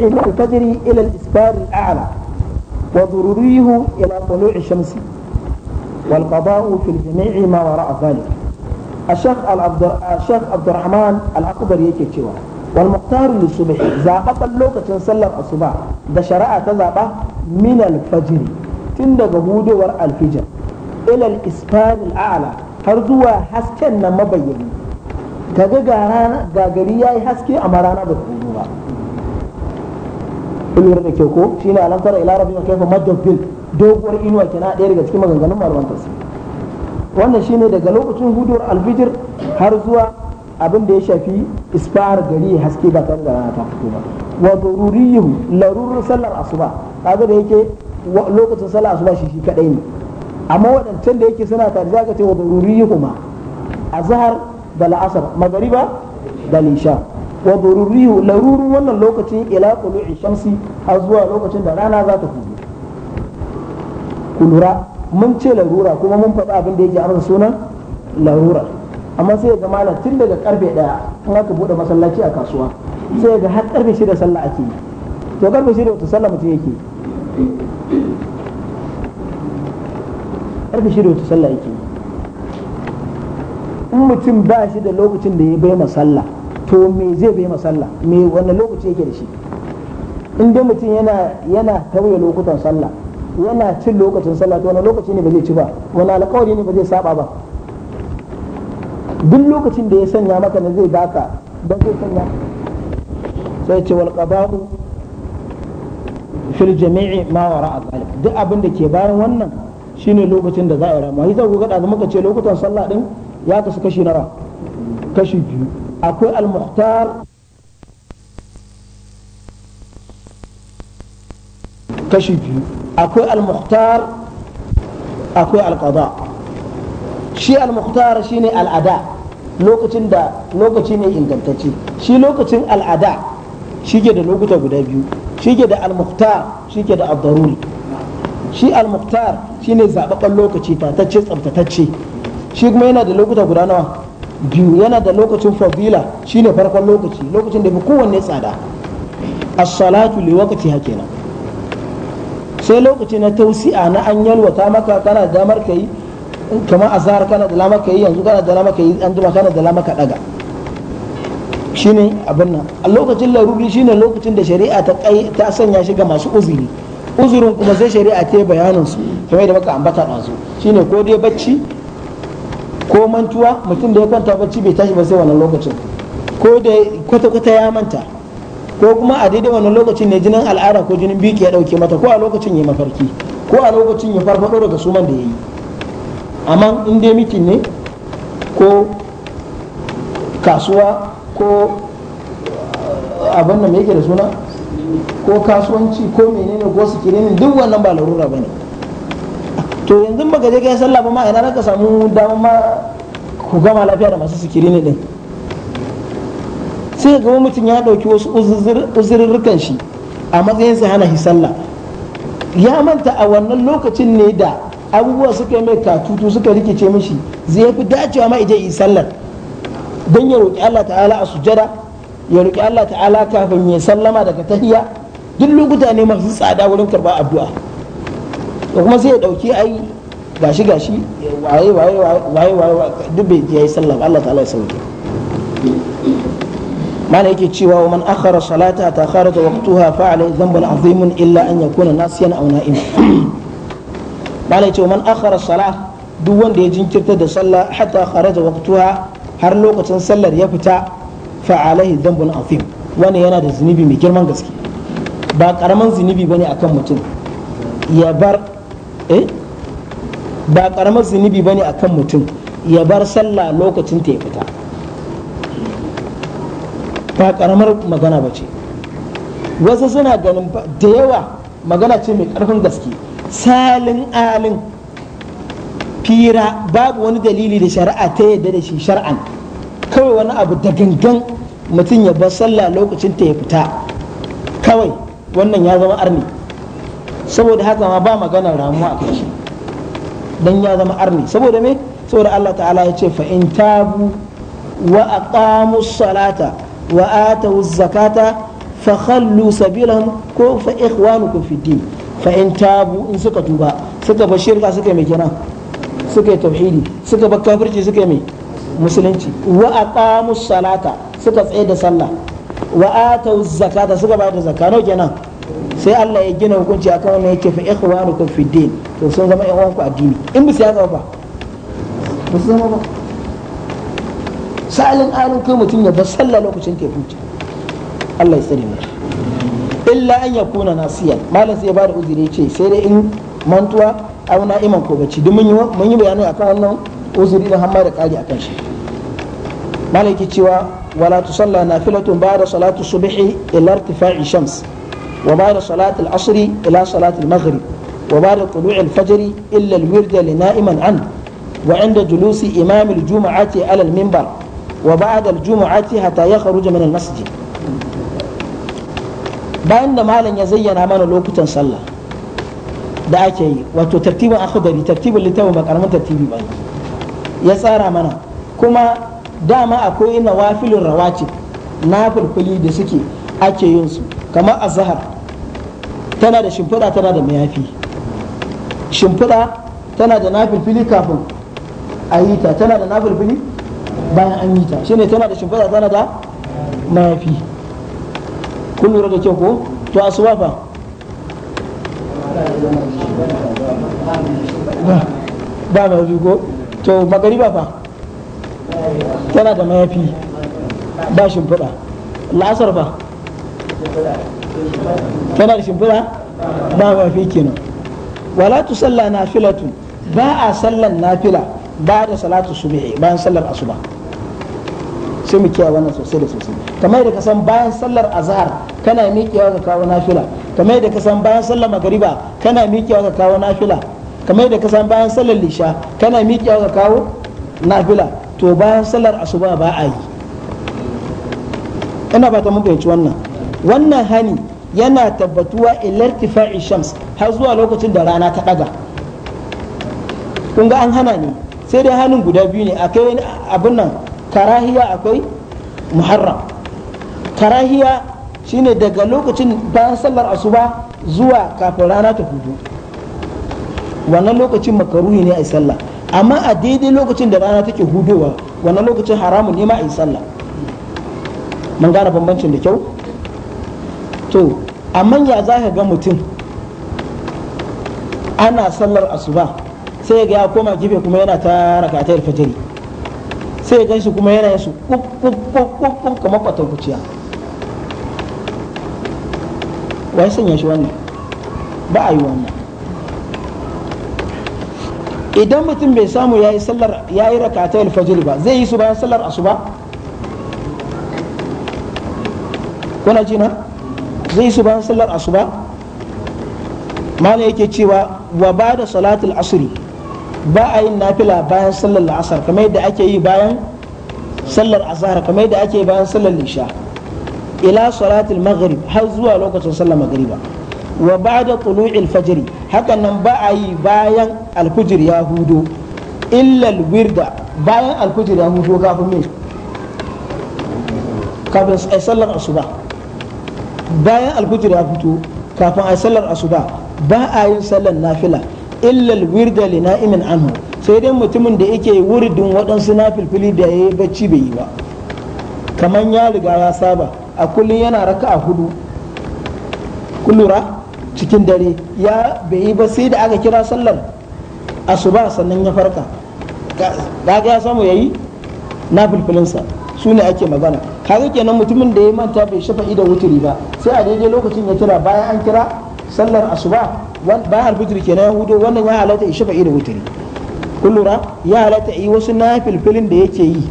الريح تجري إلى الإسبار الأعلى وضروريه إلى طلوع الشمس والقضاء في الجميع ما وراء ذلك الشيخ الشيخ عبد الرحمن الأقدر يكي cewa والمختار للصبح zaɓaɓɓen lokacin sallar asuba da shari'a ta zaɓa minal fajiri tun daga hudowar alfijir ilal al-isfar al-a'la har zuwa hasken nan mabayyani kaga ga gari yayi haske amma rana ba kun da kyau ko shi ne tara ila rabbika kayfa majjal doguwar inuwa kenan ɗaya daga cikin maganganun malaman tafsir wannan ne daga lokacin hudur alfijir har zuwa abin da ya shafi isfahar gari haske ba tare da rana ta fito ba wa daruriyu larurur sallar asuba kaga da yake lokacin sallar asuba shi shi kadai ne amma waɗancan da yake suna tare zaka ce wa daruriyu kuma azhar da la'asar magariba da lisha wa dururihu larurun wannan lokacin ila qulu'i shamsi har zuwa lokacin da rana za ta hudu kulura mun ce larura kuma mun faɗa abin da yake amsa sunan larura amma sai ga malam tun daga karfe daya in aka bude masallaci a kasuwa sai ga har karfe shida sallah ake yi to karfe shida wata sallah mutum yake karfe shida wata sallah yake in mutum ba shi da lokacin da ya bai ma to me zai bai masalla me wanne lokaci yake da shi in dai mutum yana yana tauye lokutan sallah yana cin lokacin sallah to wani lokaci ne ba zai ci ba wani alƙawari ne ba zai saba ba duk lokacin da ya sanya maka na zai baka ba zai sanya sai ce wal qada'u fil jami'i ma wara'a duk abin da ke bayan wannan shine lokacin da za a rama yi za ku ga da muka ce lokutan sallah din ya kasu kashi nawa kashi biyu akwai al-muhtar kashi biyu akwai al-muhtar akwai al-qada shi al-muhtar shine al-ada lokacin da lokaci ne ingantacce shi lokacin al'ada shi ke da lokuta guda biyu shige da al-muhtar shi da al-daruri shi al-muhtar shine zababban lokaci tatacce tsabtatacce shi kuma yana da lokuta guda nawa biyu yana da lokacin fadila shine farkon lokaci lokacin da fi kowanne tsada as-salatu li waqtiha kenan sai lokaci na tausi'a na an yalwata maka kana da damar kai kamar azhar kana da lamar kai yanzu kana da lamar kai an jima kana da lamar ka daga shine abin nan a lokacin laruri shine lokacin da shari'a ta kai ta sanya shi ga masu uzuri uzurin kuma sai shari'a ta yi bayanin su kamar da muka ambata ɗazu shine ko dai bacci ko mantuwa mutum da ya kwanta bacci bai tashi ba sai wannan lokacin ko da kwata-kwata ya manta ko kuma a daidai wannan lokacin ne jinin al'ada ko jinin biki ya dauke mata ko a lokacin ya mafarki ko a lokacin ya farfado daga suman da ya yi amma in dai miki ne ko kasuwa ko eh, abin da yake da suna ko kasuwanci ko menene ko sikiri ne duk wannan ba larura ba ne to yanzu ba gaje kai sallah ba ma ina ka samu damar ma ku gama lafiya da masu sikiri ne din sai ga mutum ya dauki wasu uzurrukan shi a matsayin sa hana hisalla ya manta a wannan lokacin ne da abubuwa suka mai katutu suka rikice mishi zai fi dacewa ma ije yi sallar don ya roƙi Allah ta'ala a sujada ya roƙi Allah ta'ala kafin ya sallama daga tahiya duk lokuta ne masu tsada wurin karɓar addu'a da kuma sai ya dauki ai gashi gashi waye waye waye waye duk bai yayi sallah Allah ta'ala ya sauke mana yake cewa wa man akhara salata ta kharata waqtuha fa alai dhanbun azimun illa an yakuna nasiyan aw na'im mana yake wa man akhara salah duk wanda ya jinkirta da sallah hatta kharata waqtuha har lokacin sallar ya fita fa alai dhanbun azim wani yana da zunubi mai girman gaske ba karaman zunubi bane akan mutum ya bar E ba karamar zunubi bane akan mutum ya bar sallah lokacin ta ya fita ba karamar magana ba ce wasu suna ganin da yawa magana ce mai karfin gaske salin alin fira babu wani dalili da shari'a ta yadda da shi shari'an kawai wani abu da gangan mutum ya bar sallah lokacin ta ya fita kawai wannan ya zama arni saboda haka ma ba maganar ramuwa a kai dan ya zama arni saboda me saboda Allah ta'ala ya ce fa in tabu wa aqamu salata wa atu zakata fa khallu sabilahum ko fa ikhwanukum fi din fa in tabu in suka tuba suka bar shirka suka yi mai kenan suka yi tauhidi suka bar kafirci suka yi mai musulunci wa aqamu salata suka tsaye da sallah wa atu zakata suka ba da zakano kenan sai Allah ya gina hukunci akan wannan yake fa ikhwanukum fi din to sun zama ƴan uwanku addini in ya zama ba ba su zama ba sa'alin alin kai mutum ya bar sallah lokacin ke huce Allah ya tsare mu illa an yakuna nasiyan malam sai ya bada uzuri ce sai dai in mantuwa aw na'iman ko bacci duk mun yi mun yi bayani akan wannan uzuri da hamma da kari akan shi malam yake cewa wala tusalla nafilatun ba'da salatu subhi ila irtifa'i shams وبعد صلاة العصر إلى صلاة المغرب وبعد طلوع الفجر إلا الورد لنائما عنه وعند جلوس إمام الجمعة على المنبر وبعد الجمعة حتى يخرج من المسجد bayan da malam ya zayyana mana lokutan sallah da ake yi wato tartibin akhdari tartibin littafin ba karamin tartibi ba ya tsara mana kuma dama akwai nawafilin rawatib na fulfuli da suke ake yin su kamar azhar tana da shimfiɗa tana da mayafi shimfiɗa tana da nafilfili kafin a yi ta tana da nafilfili bayan an yi ta shine tana da shimfiɗa tana da mayafi kun lura da kyau ko to a suwafa fa ba ba ko to magariba fa tana da mayafi ba shimfiɗa la'asar fa tana da shimfiɗa ba fi kenan wala tu salla nafilatun ba a sallan nafila ba da salatu subhi bayan sallar asuba sai mu kiyaye wannan sosai da sosai kamar yadda ka san bayan sallar azhar kana miƙewa ka kawo nafila kamar yadda ka san bayan sallar magariba kana miƙewa ka kawo nafila kamar yadda ka san bayan sallar lisha kana miƙewa ka kawo nafila to bayan sallar asuba ba a yi ina ba ta mun fahimci wannan wannan hani yana tabbatuwa ilartifa'i shams har zuwa lokacin da rana ta ɗaga. kun ga an hana ne sai dai hanin guda biyu ne akwai abin nan karahiya akwai muharram karahiya shine daga lokacin bayan sallar asuba zuwa kafin rana ta hudu wannan lokacin makaruhi ne a sallah amma a daidai lokacin da rana take hudowa wannan lokacin haramun ne ma a yi sallah mun gane bambancin da kyau to amma ya za ka ga mutum ana sallar asuba sai ga ya koma gefe kuma yana ta rakatar fajiri sai ya ganshi kuma yana yasu kukukukukuk kamar kwatar kuciya wai sanya shi wannan ba a yi wannan idan mutum bai samu ya yi sallar ya yi rakatar fajr ba zai yi su bayan sallar asuba kuna ji na zai su bayan sallar asuba malam yake cewa wa ba da salatul asri ba a yin nafila bayan sallar la'asar kamar yadda ake yi bayan sallar azhar kamar yadda ake yi bayan sallar isha ila salatul maghrib har zuwa lokacin sallar maghriba wa ba da tulu'il fajri hakan nan ba a yi bayan alfijir ya hudo illa wirda bayan alfijir ya hudo kafin me kafin sallar asuba bayan alfijir ya fito kafin a yi sallar asuba ba a yin sallar nafila illal wirda li na'imin anhu sai dai mutumin da yake wuridin waɗansu nafilfili da ya yi bacci bai yi ba kamar ya riga ya saba a kullum yana raka a hudu kullura cikin dare ya bai yi ba sai da aka kira sallar asuba sannan ya farka ya samu ya yi nafilfilinsa su ne ake magana kaga kenan mutumin da ya manta bai shafa idan wuturi ba sai a daidai lokacin ya kira bayan an kira sallar asuba bayan wuturi kenan ya hudu wannan ya halatta ya shafa idan wuturi kun ya halatta yi wasu na filfilin da yake yi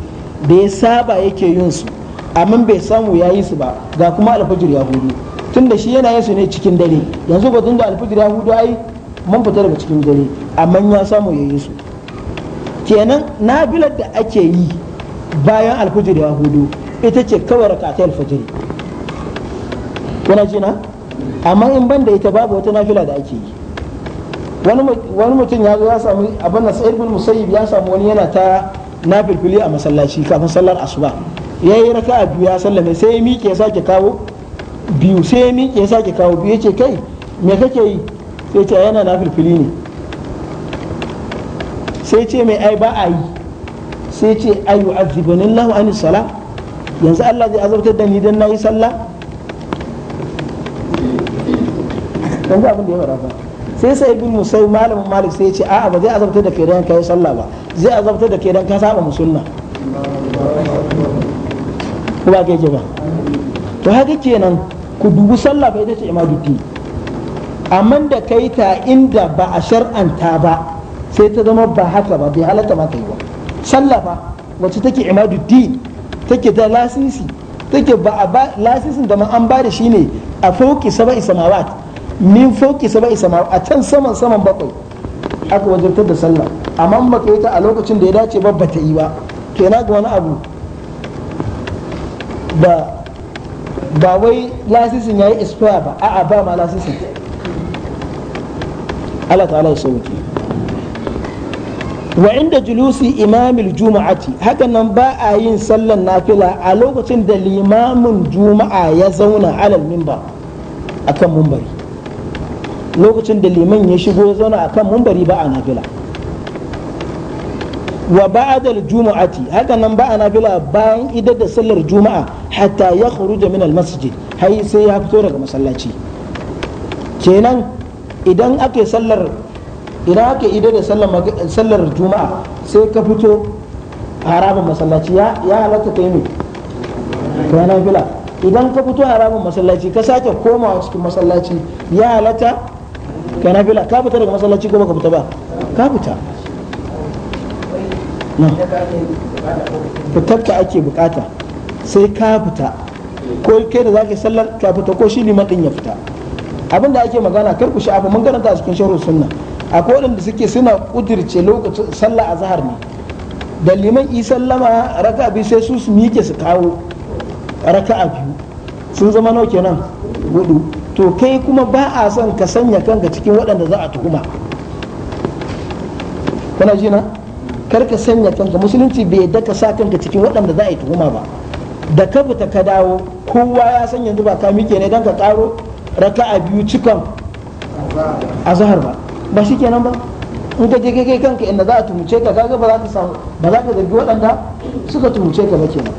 da ya saba yake yin su amma bai samu ya su ba ga kuma alfajir ya hudu tun da shi yana yin su ne cikin dare yanzu ba tun da alfajir ya hudu ai mun fita daga cikin dare amma ya samu ya yi su kenan nafilar da ake yi bayan alfijir ya hudu ita ce kawai ta alfajiri kuna jina amma in banda ita babu wata nafila da ake yi wani mutum ya zo ya samu abin da sa'id bin musayyib ya samu wani yana ta nafilfili a masallaci kafin sallar asuba ya yi raka a biyu ya sallame sai ya miƙe ya sake kawo biyu sai ya miƙe ya sake kawo biyu ya ce kai me kake yi sai ce yana nafilfili ne sai ce mai ai ba a yi sai ce ayu azibanin lahu an sala yanzu Allah zai azabtar da ni na yi sallah yanzu abin da ya fara sai sai ibn musayyib malamin malik sai ce a'a ba zai azabtar da don ka yi sallah ba zai azabtar da ke don ka saba musulma ko ba ke ba to haka kenan ku dubi sallah fa ita ce imaduddin amma da kai ta inda ba a shar'anta ba sai ta zama ba haka ba bai halatta ma yi ba shallafa wacce take imaduddin take ta lasisi take ba a lasisin da an ba da shi ne a fauki saba'i samawat min fauki saba'i samawat a can saman saman bakwai aka wajabtar da sallah amma ba ka yi ta a lokacin da ya dace ba ba ta yi ba kenan ga wani abu ba ba wai lasisin ya yi expire ba a'a ba ma lasisin Allah ta'ala ya sauke wa inda julusi imamil juma'ati hakan nan ba a yin sallan nafila a lokacin da limamin juma'a ya zauna alal mimbar akan mumbari lokacin da liman ya shigo ya zauna akan mumbari ba a nafila wa ba'da juma'ati hakan nan ba a nafila bayan idar da sallar juma'a hatta ya khuruja min al masjid har sai ya fito daga masallaci kenan idan ake sallar idan aka ido da sallar juma'a sai ka fito harabin masallaci ya halatta ka yi mai fila idan ka fito harabin masallaci ka sake komawa cikin masallaci ya halatta ka fila ka fita daga masallaci ko baka fita ba ka fita fitar ka ake bukata sai ka fita ko kai da za ka sallar ka fita ko shi ne din ya fita abinda ake magana kar ku abu mun karanta a cikin shahrus sunna akwai wadanda suke suna kudirce lokacin sallah a zahar ne da liman yi sallama raka biyu sai su su miƙe su kawo raka a biyu sun zama nau kenan hudu to kai kuma ba a son ka sanya kanka cikin waɗanda za a tuhuma kana jina? kar ka sanya kanka musulunci bai yadda ka sa kanka cikin waɗanda za a yi tuhuma ba da ka fita ka dawo kowa ya san yanzu ba ka miƙe ne don ka karo raka a biyu cikan a zahar ba ba shi kenan ba in ka je kai kanka inda za a tumuce ka kaga ba za ka samu ba za ka zargi waɗanda suka tumuce ka ba kenan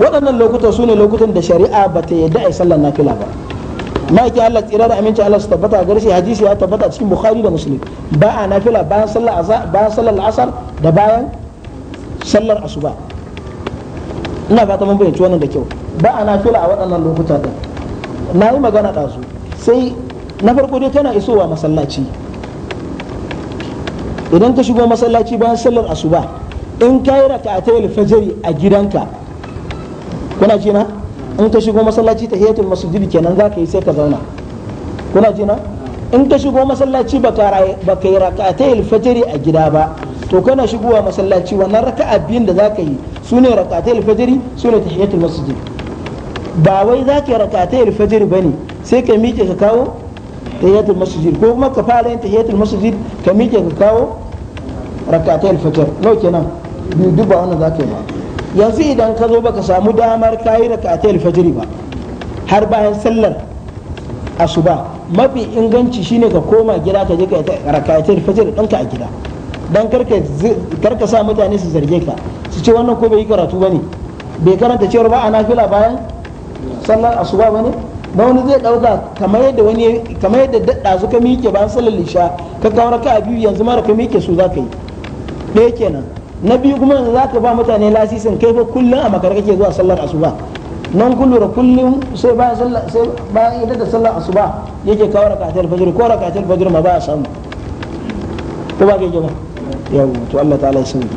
waɗannan lokuta su ne lokutan da shari'a ba ta yadda a yi sallar nafila ba ma'aiki Allah tsira da aminci Allah su tabbata a garshi hadisi ya tabbata cikin Bukhari da Muslim ba a nafila bayan sallar bayan sallar asar da bayan sallar asuba ina fata mun bayyana wannan da kyau ba a nafila a waɗannan lokuta din na yi magana ɗazu sai na farko dai tana isowa masallaci idan ka shigo masallaci bayan sallar asuba in ka yi raka ta fajari a gidanka kuna jina in ka shigo masallaci ta hiyatul masjidi kenan za ka yi sai ka zauna kuna jina in ka shigo masallaci ba ka yi raka ta fajari a gida ba to kana shigowa masallaci wannan raka abin da za ka yi su ne raka ta fajari su ne ta hiyatul masjidi ba wai za ka yi raka ta fajari ba ne sai ka miƙe ka kawo tahiyatul masjid ko kuma ka fara yin tahiyatul masjid ka miƙe ka kawo rakatai alfajr nau kenan biyu duk ba wannan zaka yi ba yanzu idan ka zo baka samu damar ka yi rakatai alfajr ba har bayan sallar asuba mafi inganci shine ka koma gida ka je ka yi rakatai alfajr ka a gida don kar ka sa mutane su zarge ka su ce wannan ko bai yi karatu ba ne bai karanta cewar ba a na fila bayan sallar asuba ba ne. ba wani zai dauka kamar yadda wani kamar yadda dadda su ka miƙe ba sallar lisha ka kawo raka a biyu yanzu mara ka miƙe su za ka yi ɗaya kenan na biyu kuma yanzu za ka ba mutane lasisin kai fa kullum a makar kake zuwa sallar asuba nan kullu lura kullum sai ba sallar sai bayan idan da sallar asuba yake kawo raka ta alfajir ko raka ta alfajir ma ba a samu ko ba ka yi ba to Allah ta'ala ya sani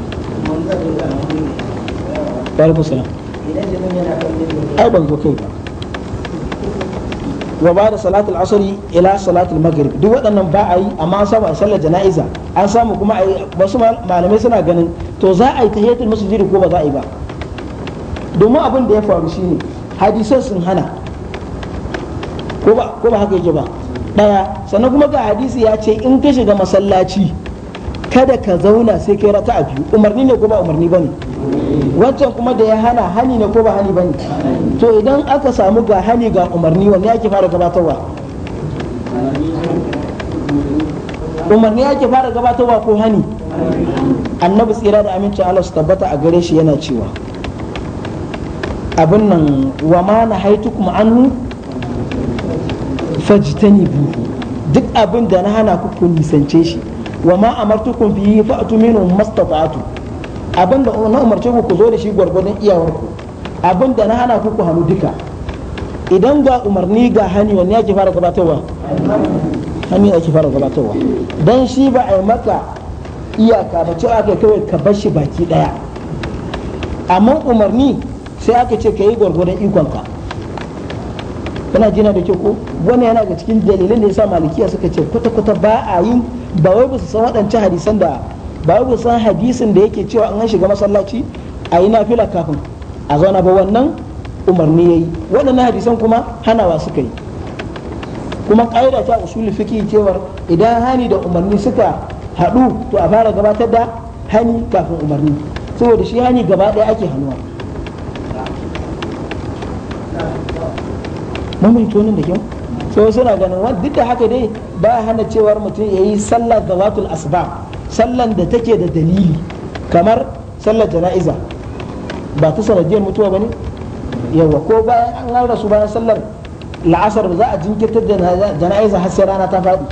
Ai ban zo kai ba. wa ba da salatul asri ila salatul maghrib duk waɗannan ba a yi amma an samu a sallar jana'iza an samu kuma a yi wasu malamai suna ganin to za a yi tahiyatul masjid ko ba za a yi ba domin abin da ya faru shine hadisan sun hana ko ba ko ba haka yake ba daya sannan kuma ga hadisi ya ce in ka shiga masallaci kada ka zauna sai kai rata'a biyu umarni ne ko ba umarni bane wancan kuma da ya hana hani ne ko ba hani bane to idan aka samu ga hani ga umarni wanne yake fara gabatarwa umarni yake fara gabatarwa ko hani annabi tsira da amincin Allah su tabbata a gare shi yana cewa abin nan wa ma na haitu kuma anhu fajitani buhu duk abin da na hana ku nisance shi wa ma amartukum bihi fa'tu minhu mastata'tu abin da na umarce ku ku zo da shi gwargwadon iyawarku abin da na hana ku ku hannu duka idan ga umarni ga hani wanne ake fara gabatarwa hani ake fara gabatarwa dan shi ba a yi maka iyaka ba cewa aka kawai ka bar shi baki daya amma umarni sai aka ce ka yi gwargwadon ikonka kana jina da kyau ko wani yana da cikin dalilin da sa malikiya suka ce kwata-kwata ba a yi ba wai ba su san waɗancan hadisan da babu san hadisin da yake cewa an shiga masallaci a yi nafila kafin a zauna ba wannan umarni ya yayi waɗannan hadisan kuma hanawa suka yi kuma ƙa'ida ta usulul fiki cewar idan hani da umarni suka haɗu to a fara gabatar da hani kafin umarni saboda shi hani gaba ɗaya ake hannuwa mamaito nan da kyau so suna ganin duk da haka dai ba hana cewar mutum ya yi sallar zawatul asbab sallan da take da dalili kamar sallar jana'iza ba ta sanadiyar mutuwa ba ne yawa ko bayan an an su bayan sallar la'asar za a jinkirtar da jana'iza har sai rana ta faɗi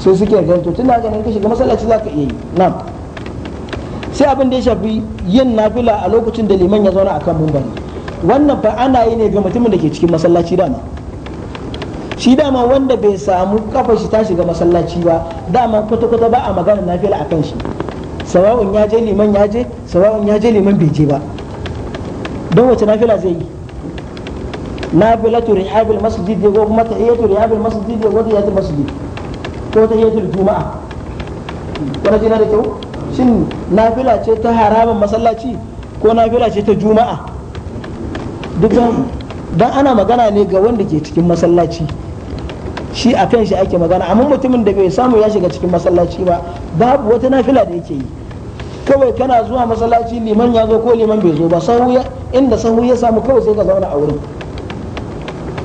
sai suke ganin to tunda ganin kashi ga masallaci za ka iya yi na'am sai abin da ya shafi yin nafila a lokacin da liman ya zauna akan mumbari wannan fa ana yi ne ga mutumin da ke cikin masallaci dama shi dama wanda bai samu kafa shi ta shiga masallaci ba dama kwata-kwata ba a magana nafila a kan shi sawa'un ya je liman ya je sawa'un ya je liman bai je ba don wace nafila zai yi Na nafilatu rihabil masjid ko kuma tahiyatu rihabil masjid ko tahiyatul masjid ko ta tahiyatul juma'a wani jina da kyau shin nafila ce ta haramin masallaci ko nafila ce ta juma'a duk don ana magana ne ga wanda ke cikin masallaci shi a kan shi ake magana amma mutumin da bai samu ya shiga cikin masallaci ba babu wata nafila da yake yi kawai kana zuwa masallaci liman ya zo ko liman bai zo ba sahu inda sahu ya samu kawai sai ka zauna a wurin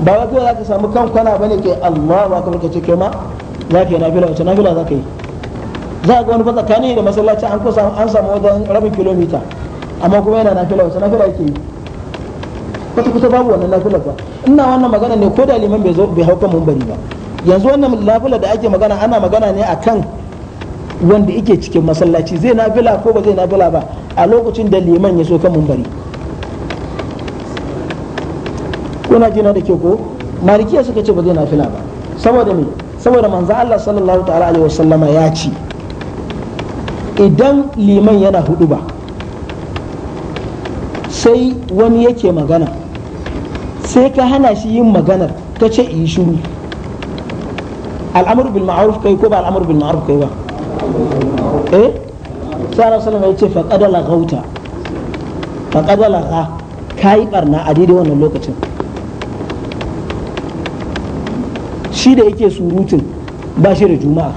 ba wai kawai zaka samu kan kwana bane ke Allah ba kuma kace kai ma za ka yi nafila wata nafila za ka yi za ga wani tsakani da masallaci an kusa an samu wajen rabin kilomita amma kuma yana nafila wata nafila yake yi kwata-kwata babu wannan nafila ba ina wannan magana ne ko da liman bai zo bai hau kan mumbari ba yanzu wannan nafila da ake magana ana magana ne a kan wanda yake cikin masallaci zai nafila ko ba zai nafila ba a lokacin da liman ya so kan mumbari kuna jina da ke ko malikiya suka ce ba zai nafila ba saboda me saboda manzo Allah sallallahu ta'ala alaihi wasallama ya ce idan liman yana hudu ba sai wani yake magana sai ka hana shi yin maganar ka ce yi shiru Al'amur bil ma'aruf kai ko ba al'amur bil ma'aruf kai ba eh sallallahu alaihi wasallam yace faqad laghauta faqad ka kai barna a daidai wannan lokacin shi da yake surutun ba shi da juma'a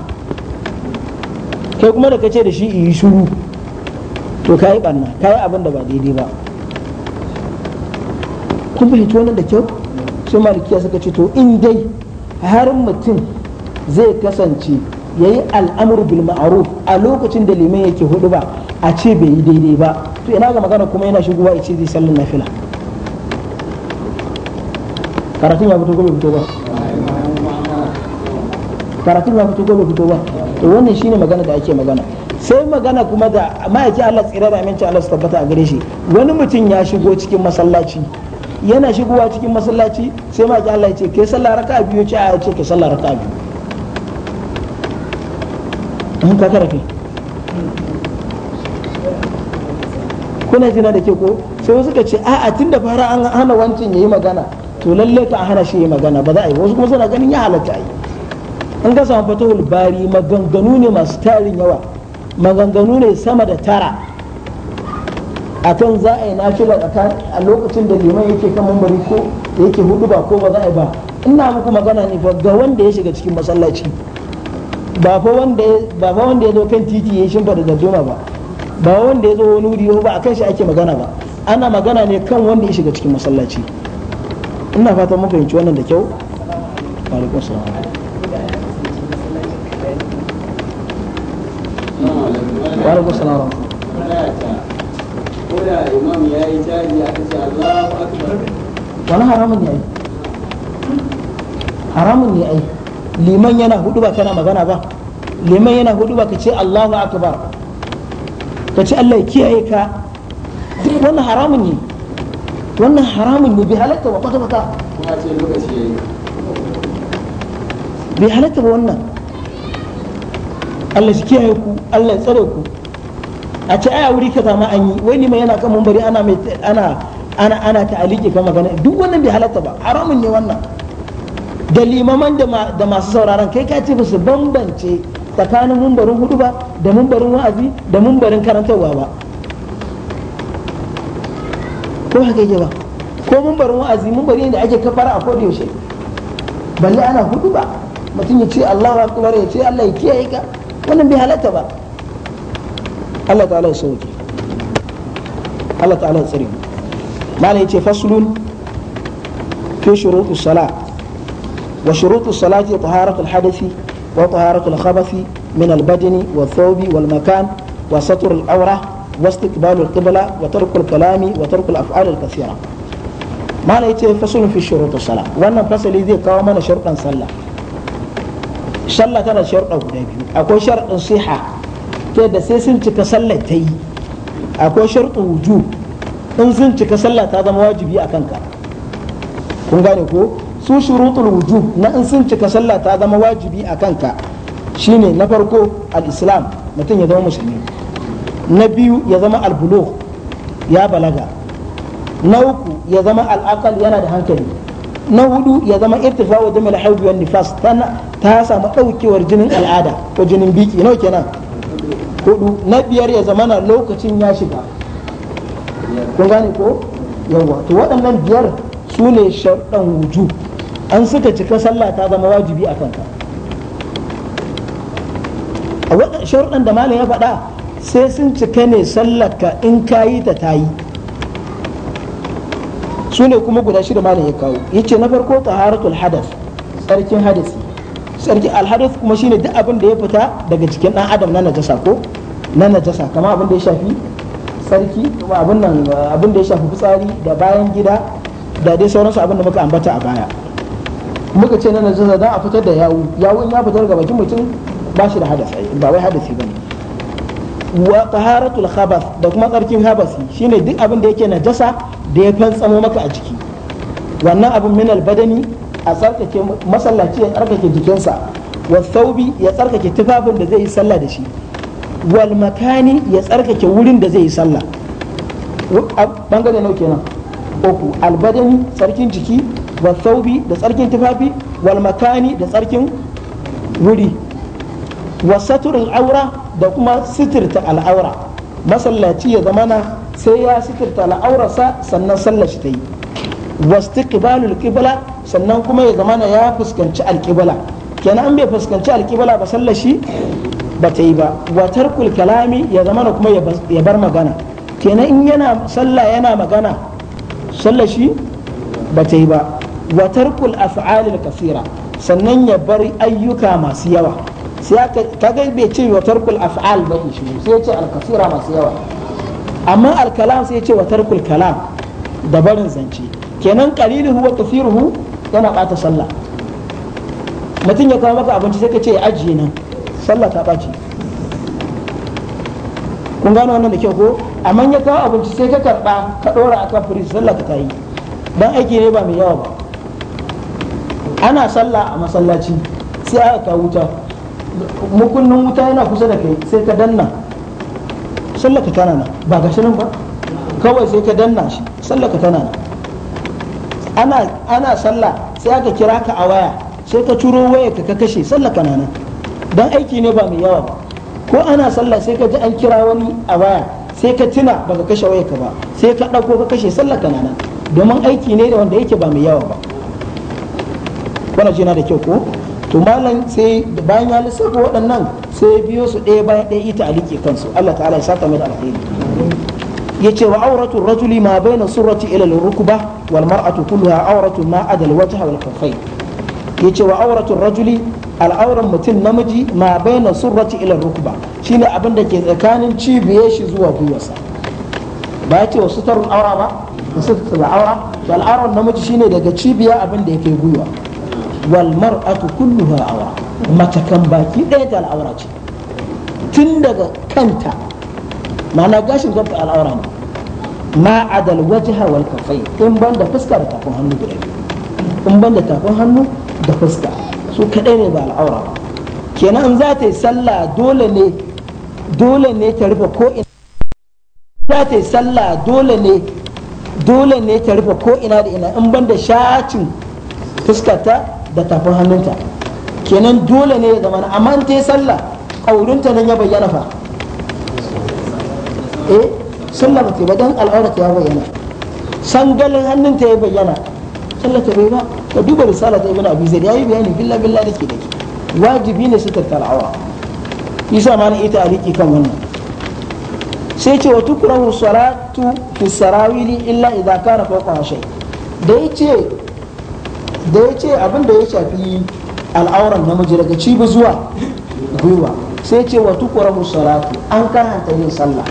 kai kuma da kace da shi yi shuru to kai barna kai abin da ba daidai ba kun fahimci wannan da kyau sai malikiya suka ce to in dai har mutum zai kasance ya yi al'amur bil ma'aruf a lokacin da liman yake hudu ba a ce bai yi daidai ba to ina ga magana kuma yana shigowa ya ce zai sallin fila karatun ya fito ko bai fito ba karatun ya fito ko bai fito ba to wannan shine magana da ake magana sai magana kuma da ma'aikin Allah tsira da amince Allah su tabbata a gare shi wani mutum ya shigo cikin masallaci yana shigowa cikin masallaci sai ma'aikin Allah ya ce kai sallah raka'a biyu ce a ce kai sallah raka'a biyu an ka kuna jina da ke ko sai wasu ka ce a'a tun da fara an hana wancan ya yi magana to lalle ka hana shi yi magana ba za a yi wasu kuma suna ganin ya halatta a yi an ga samu fata bari maganganu ne masu tarin yawa maganganu ne sama da tara a kan za a yi nafila a lokacin da liman yake kan mambari ko yake hudu ba ko ba za a yi ba ina muku magana ne ba ga wanda ya shiga cikin masallaci ba fa wanda ya zo kan titi ya shimfa da darduma ba ba wanda ya zo wani wuri ba a kan shi ake magana ba ana magana ne kan wanda ya shiga cikin masallaci ina fatan muka yanci wannan da kyau alaikum salam alaikum salam wani haramun ya yi haramun ya yi. liman yana hudu ba kana magana ba liman yana hudu ba ka ce Allahu akbar ka ce Allah ya kiyaye ka duk wannan haramun ne wannan haramun ne bi halatta ba kwata kwata bi halatta ba wannan Allah shi kiyaye ku Allah ya tsare ku a ce aya wuri kaza ma an yi wai liman yana kan mumbari ana mai ana ana ana ta'aliki kan magana duk wannan bi halatta ba haramun ne wannan da limaman da masu sauraron kai ka ce ba su bambance tsakanin mumbarin hudu ba da mumbarin wa'azi da mumbarin karantarwa ba ko haka yake ba ko mumbarin wa'azi mumbari da ake kafara a kodin yaushe balle ana hudu ba mutum ya ce Allah Allahu akbar ya ce Allah ya kiyaye ka wannan bai halatta ba Allah ta'ala ya sauke Allah ta'ala ya tsare mu malai ya ce faslun fi shurutus salat wa shirutu sala wa taharatu alhadathi wa taharatu alkhabathi min albadani wa thawbi wal makan wa satr alawra wa istiqbal alqibla wa tark alkalam wa tark alaf'al alkathira ma la yati fasul fi shirutu salat wa anna fasal idha kawa mana shartan salla salla tara shartu biyu akwai shartun siha ke da sai sun cika sallar tai akwai shartu wuju in sun cika sallar ta zama wajibi a kanka. kun gane ko su shurutul wujub na in sun cika sallah ta zama wajibi a kanka shine na farko al-islam mutum ya zama musulmi na biyu ya zama albulo ya balaga na uku ya zama al yana da hankali na hudu ya zama irtifa'u dam al-hayd nifas ta samu daukewar jinin al'ada ko jinin biki nawa kenan hudu na biyar ya zama na lokacin ya shiga kun gane ko yawa to waɗannan biyar su ne sharɗan wujub an suka cika sallah ta zama wajibi a kanka a waɗanda sharuɗan da malam ya faɗa sai sun cika ne sallarka in kayi ta ta yi su ne kuma guda shida malam ya kawo ya ce na farko taharatul hadas tsarkin hadasi tsarkin alhadas kuma shine duk abin da ya fita daga cikin ɗan adam na najasa ko na najasa kama abin da ya shafi sarki abin da ya shafi fitsari da bayan gida da dai sauransu abin da muka ambata a baya muka ce na najasa dan a fitar da yawu yawun ya fitar ga bakin mutum ba shi da hadasi ba wai hadasi wa taharatul khabas da kuma tsarkin habasi shine duk abin da yake najasa da ya fantsamo maka a jiki wannan abin min albadani a tsarkake masallaci ya tsarkake jikinsa wa thawbi ya tsarkake tufafin da zai yi sallah da shi wal makani ya tsarkake wurin da zai yi sallah bangare nau kenan uku albadani tsarkin jiki wa da tsarkin tufafi walmakani da tsarkin wuri wa saturul aura da kuma sitirta al'aura masallaci ya zamana sai ya sitirta al'aurarsa sannan sallar shi ta yi wastiqbalul qibla sannan kuma ya zamana ya fuskanci alqibla kenan bai fuskanci alqibla ba sallar ba ta yi ba wa tarkul kalami ya zamana kuma ya bar magana kenan in yana sallah yana magana sallashi shi ba ta yi ba wa tarkul af'alil kasira sannan ya bar ayyuka masu yawa sai ka ga bai ce wa tarkul af'al ba shi sai ya ce al kasira masu yawa amma al kalam sai ya ce wa tarkul kalam da barin zance kenan qalilu wa kathiruhu yana bata sallah mutum ya kawo maka abinci sai ka ce ajiye nan sallah ta ɓaci kun gano wannan da kyau ko amma ya kawo abinci sai ka karɓa ka ɗora akan firij sallah ka ta yi dan aiki ne ba mai yawa ba ana sallah a masallaci sai aka ka wuta mukunnin wuta yana kusa da kai sai ka danna sallah ka tana nan ba ga nan ba kawai sai ka danna shi sallah ka tana nan ana ana sallah sai aka kira ka a waya sai ka turo waya ka kashe sallah ka nan dan aiki ne ba mai yawa ba ko ana sallah sai ka ji an kira wani a waya sai ka tuna baka kashe wayarka ba sai ka ɗauko ka kashe sallah ka nan domin aiki ne da wanda yake ba mai yawa ba wannan shi yana da kyau ko to malam sai bayan ya lissafa waɗannan sai biyo su ɗaya bayan ɗaya ita alike kansu Allah ta'ala ya saka mai da alheri yace wa auratu rajuli ma baina surati ila al-rukba wal mar'atu kulluha auratu ma adal wajha wal Ya yace wa auratu rajuli al'auran mutum namiji ma baina surati ila rukba shine abin da ke tsakanin cibiye shi zuwa gwiwarsa ba ya ce wasu tarun aura ba wasu tarun aura to al'auran namiji shine daga cibiya abin da ya kai gwiwa wal mar'atu kulluha awra mace kan baki ɗaya ta al'aura ce tun daga kanta ma'ana gashin gwamta al'aura ne ma adal wajha wal kafai in banda fuska da tafin hannu da biyu in banda tafin hannu da fuska so kaɗai ne ba al'aura ba kenan za ta yi sallah dole ne dole ne ta rufe ko ina za ta yi sallah dole ne dole ne ta rufe ko ina da ina in banda shacin fuskata da tafin hannunta kenan dole ne ya zama amma ta yi sallah ƙaurinta nan ya bayyana fa eh sallah ba ta ba al'adar ta ya bayyana sangalin hannunta ya bayyana sallah ta bai ba ka duba risala ta ibn abi ya yi bayani da ke da ke. wajibi ne su awa isa ma na ita aliki kan wannan sai ce wa tukrahu salatu fi sarawili illa idza kana fawqa shay da yace da ya ce abin da ya shafi al'auran namiji daga cibi zuwa gwiwa sai ce wa tukura musalatu an karanta yin sallah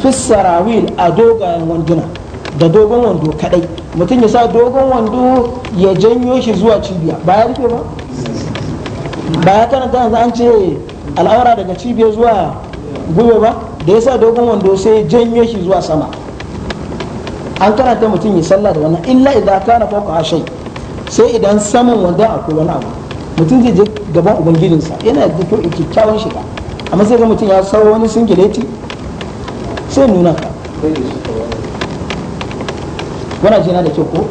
fi a dogayen wanduna da dogon wando kadai mutum ya sa dogon wando ya janyo shi zuwa cibiya ba ya rufe ba ba ya karanta yanzu an ce al'aura daga cibiya zuwa gwiwa ba da ya sa dogon wando sai janyo shi zuwa sama an karanta mutum ya sallah da wannan illa idan kana fauka shai sai idan saman wanda akwai wani abu mutum zai je gaban ubangijinsa yana da kyau kyakkyawan shiga amma sai ga mutum ya sauro wani singileti sai nuna ka wannan jina da kyau ko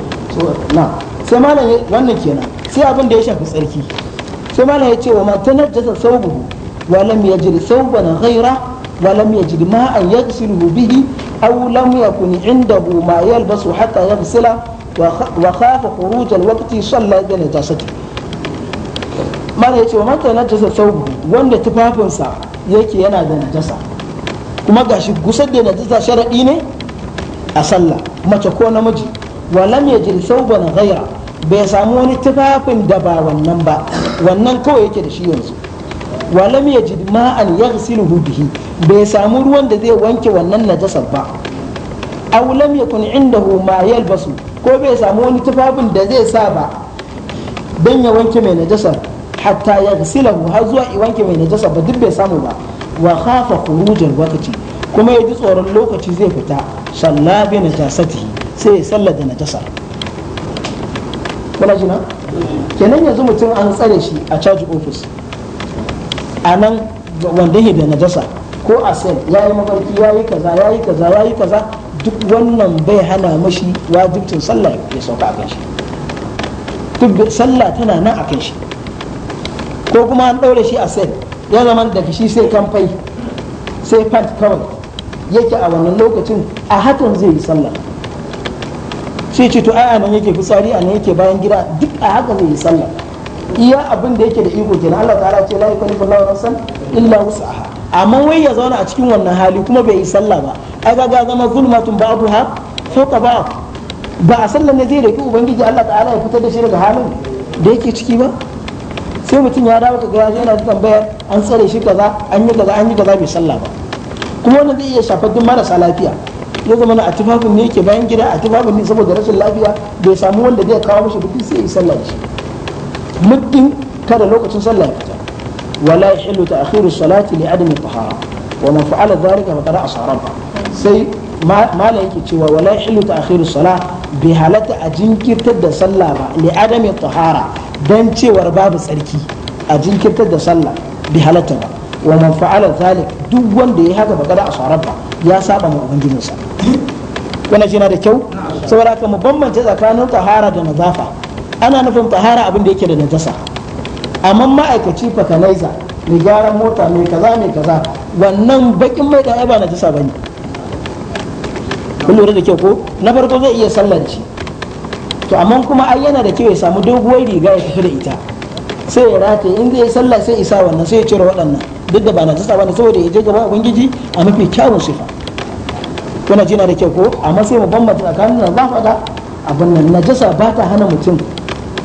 na sai malam wannan kenan sai abin da ya shafi tsarki sai malam ya ce wa na jasa saubu wa lam yajid sauban ghaira wa lam yajid an yaghsiluhu bihi aw lam yakun indahu ma yalbasu hatta yaghsila وخاف خروج الوقت صلى بنجاسته mara ya ce wa mata najasa saubu wanda tufafinsa yake yana da najasa kuma gashi gusar da na najasa sharaɗi ne a sallah mace ko namiji wa lam yajri sauban ghaira bai samu wani tufafin da ba wannan ba wannan kawai yake da shi yanzu wa lam yajid ma'an yaghsiluhu bihi bai samu ruwan da zai wanke wannan najasar ba aw lam yakun indahu ma yalbasu ko bai samu wani tufafin da zai sa ba dan ya wanke mai najasa hatta yaghsilahu har zuwa i wanke mai najasa ba duk bai samu ba wa khafa khurujal waqti kuma ya tsoron lokaci zai fita Sallabe bi najasatihi sai ya salla da najasa kuna jina kenan yanzu mutum an tsare shi a caji ofis a nan wanda da najasa ko a sel ya yi mafarki ya yi kaza ya yi kaza ya yi kaza duk wannan bai hana mashi wajibcin sallah ya sauka a kan shi duk sallah tana nan a kan shi ko kuma an ɗaure shi a sai ya zama daga shi sai kamfai sai fat kawai yake a wannan lokacin a hakan zai yi sallah sai ce to ai nan yake fitsari a nan yake bayan gida duk a haka zai yi sallah iya abin da yake da iko kenan Allah ta'ala ce la yukallifu Allahu nafsan illa wasaha amma wai ya zauna a cikin wannan hali kuma bai yi sallah ba ai kaga zama zulmatun ba'dha ha ba'd ba a sallan ne zai roki ubangiji Allah ta'ala ya fitar da shi daga halin da yake ciki ba sai mutum ya dawo ka yaji yana tambayar an tsare shi kaza an yi kaza an yi kaza mai sallah ba kuma wannan zai iya shafar duk marasa lafiya ya zama a tufafin ne ke bayan gida a tufafin ne saboda rashin lafiya bai samu wanda zai kawo mashi duk sai yi sallah shi muddin kada lokacin sallah fita wala a ta'khiru salati li adami tahara wa man fa'ala dhalika faqad asara sai mala yake cewa wala hilu akhiru sala bi halata a jinkirtar da sallah ba li adami tahara dan cewar babu tsarki a jinkirtar da sallah bi halata ba wa man fa'ala zalik duk wanda ya haka a asarabba ya saba ma sa wannan shi na da kyau saboda haka mu bambance tsakanin tahara da nazafa ana nufin tahara abin da yake da najasa amma ma'aikaci fakanaiza mai gyaran mota mai kaza mai kaza wannan bakin mai da ba najasa bane kun lura da kyau ko na farko zai iya sallanci to amma kuma ai yana da kyau ya samu doguwar riga ya tafi da ita sai ya rataye in zai sallah sai isa wannan sai ya cire waɗannan duk da ba na tsatsa saboda ya je gaba ubangiji a mafi kyawun sifa kuna jina da kyau ko amma sai mu bambanta tsakanin nan zafa da abin nan najasa ba ta hana mutum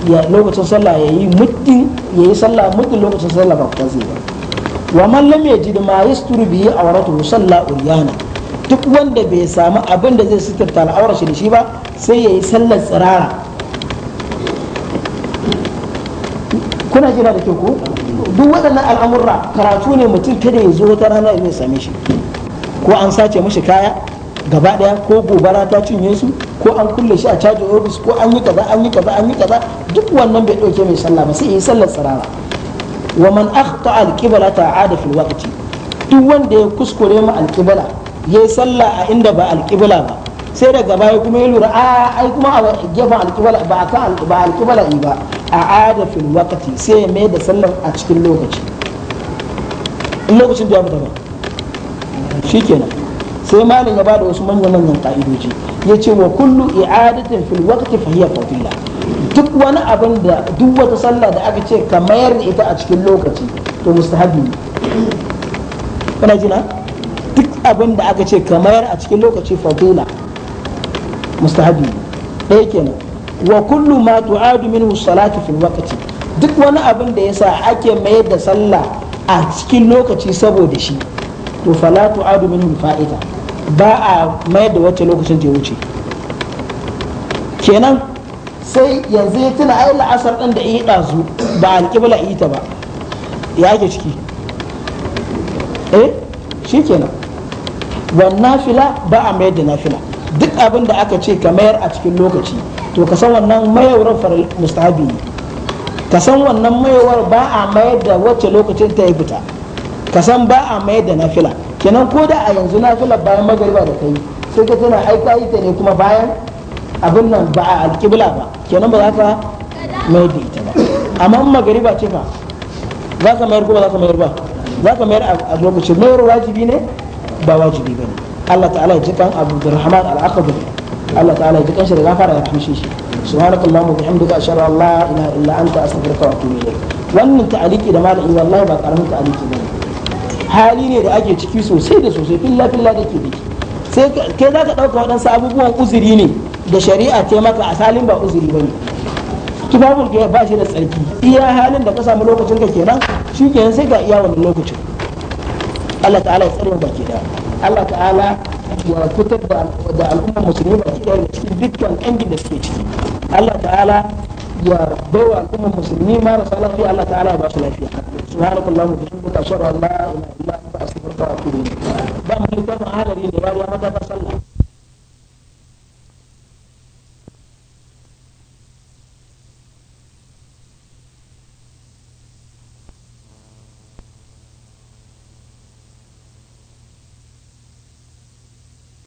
ya lokacin sallah ya yi muddin ya yi sallah muddin lokacin sallah ba ku zai ba wa man lam yajid ma yasturu bihi awratuhu salla uryana duk wanda bai samu abin da zai suturta al'aurar shi da shi ba sai ya yi sallar tsirara kuna jira da kyau duk waɗannan al'amurra karatu ne mutum kada ya zo wata rana ya same shi ko an sace mashi kaya gaba daya ko gobara ta cinye su ko an kulle shi a caji ofis ko an yi kaza an yi kaza an yi kaza duk wannan bai ɗauke mai sallah ba sai yi sallar tsirara wa man akhta al-qibla ta'ada fil waqti duk wanda ya kuskure ma al-qibla yayi sallah a inda ba alƙibla ba sai daga baya kuma ya lura a ai kuma a gefen alƙibla ba a kan ba alƙibla yi ba a ada fil sai ya mai da sallar a cikin lokaci in lokacin da ya fita ba kenan sai malin ya bada wasu manyan manyan ƙa'idoji ya ce wa kullu i'adatin fil wakati fa hiya fadila duk wani abin da duk wata sallah da aka ce ka mayar da ita a cikin lokaci to mustahabi ne kana jina abin da aka ce kamar a cikin lokaci fadila mustahabi ɗaya kenan wa kullu ma tu'adu minhu salatu fil waqti duk wani abin da yasa ake mayar da sallah a cikin lokaci saboda shi to fala tu'adu minhu fa'ida ba a mayar da wacce lokacin da ya wuce kenan sai yanzu ya tuna ai la'asar ɗin da yi ɗazu ba alƙibla ita ba ya ke ciki eh shi kenan wannan fila ba a mayar da nafila duk abin da aka ce ka mayar a cikin lokaci to ka san wannan mayawar fara mustahabi ne ka san wannan mayawar ba a mayar da wacce lokacin ta yi fita ka san ba a mayar da nafila kenan ko da a yanzu nafila bayan magariba da kai sai ka tana aika ita ne kuma bayan abin nan ba a alƙibla ba kenan ba za ka mayar da ita ba amma magariba ce ba za ka mayar ko ba za ka mayar ba za ka mayar a lokacin mayar wajibi ne ba wajibi bane Allah ta'ala ya ji kan Rahman al-Aqabi Allah ta'ala ya ji kan shi da gafara ya rahmishe shi subhanakallah wa bihamdika ashhadu an la ilaha illa anta astaghfiruka wa atubu ilayk wannan ta'aliki da malami wallahi ba karamin ta'aliki bane hali ne da ake ciki sosai da sosai filla filla da ke biki sai ke za ka ɗauka waɗansu abubuwan uzuri ne da shari'a ce maka asalin ba uzuri ba ne tufafin ba shi da tsarki iya halin da ka samu lokacin ka kenan shi kenan sai ga iya wannan lokacin Allah ta'ala ya tsare baki da Allah ta'ala ya fitar da al'umma musulmi baki da cikin dukkan ƙangin da suke ciki Allah ta'ala ya al'umma musulmi marasa lafiya Allah ta'ala ya ba su lafiya subhanallahu wa ta'ala wa la ilaha illa anta astaghfiruka wa atubu ilayk ba mu littafin hadari ne ya mata ba sallah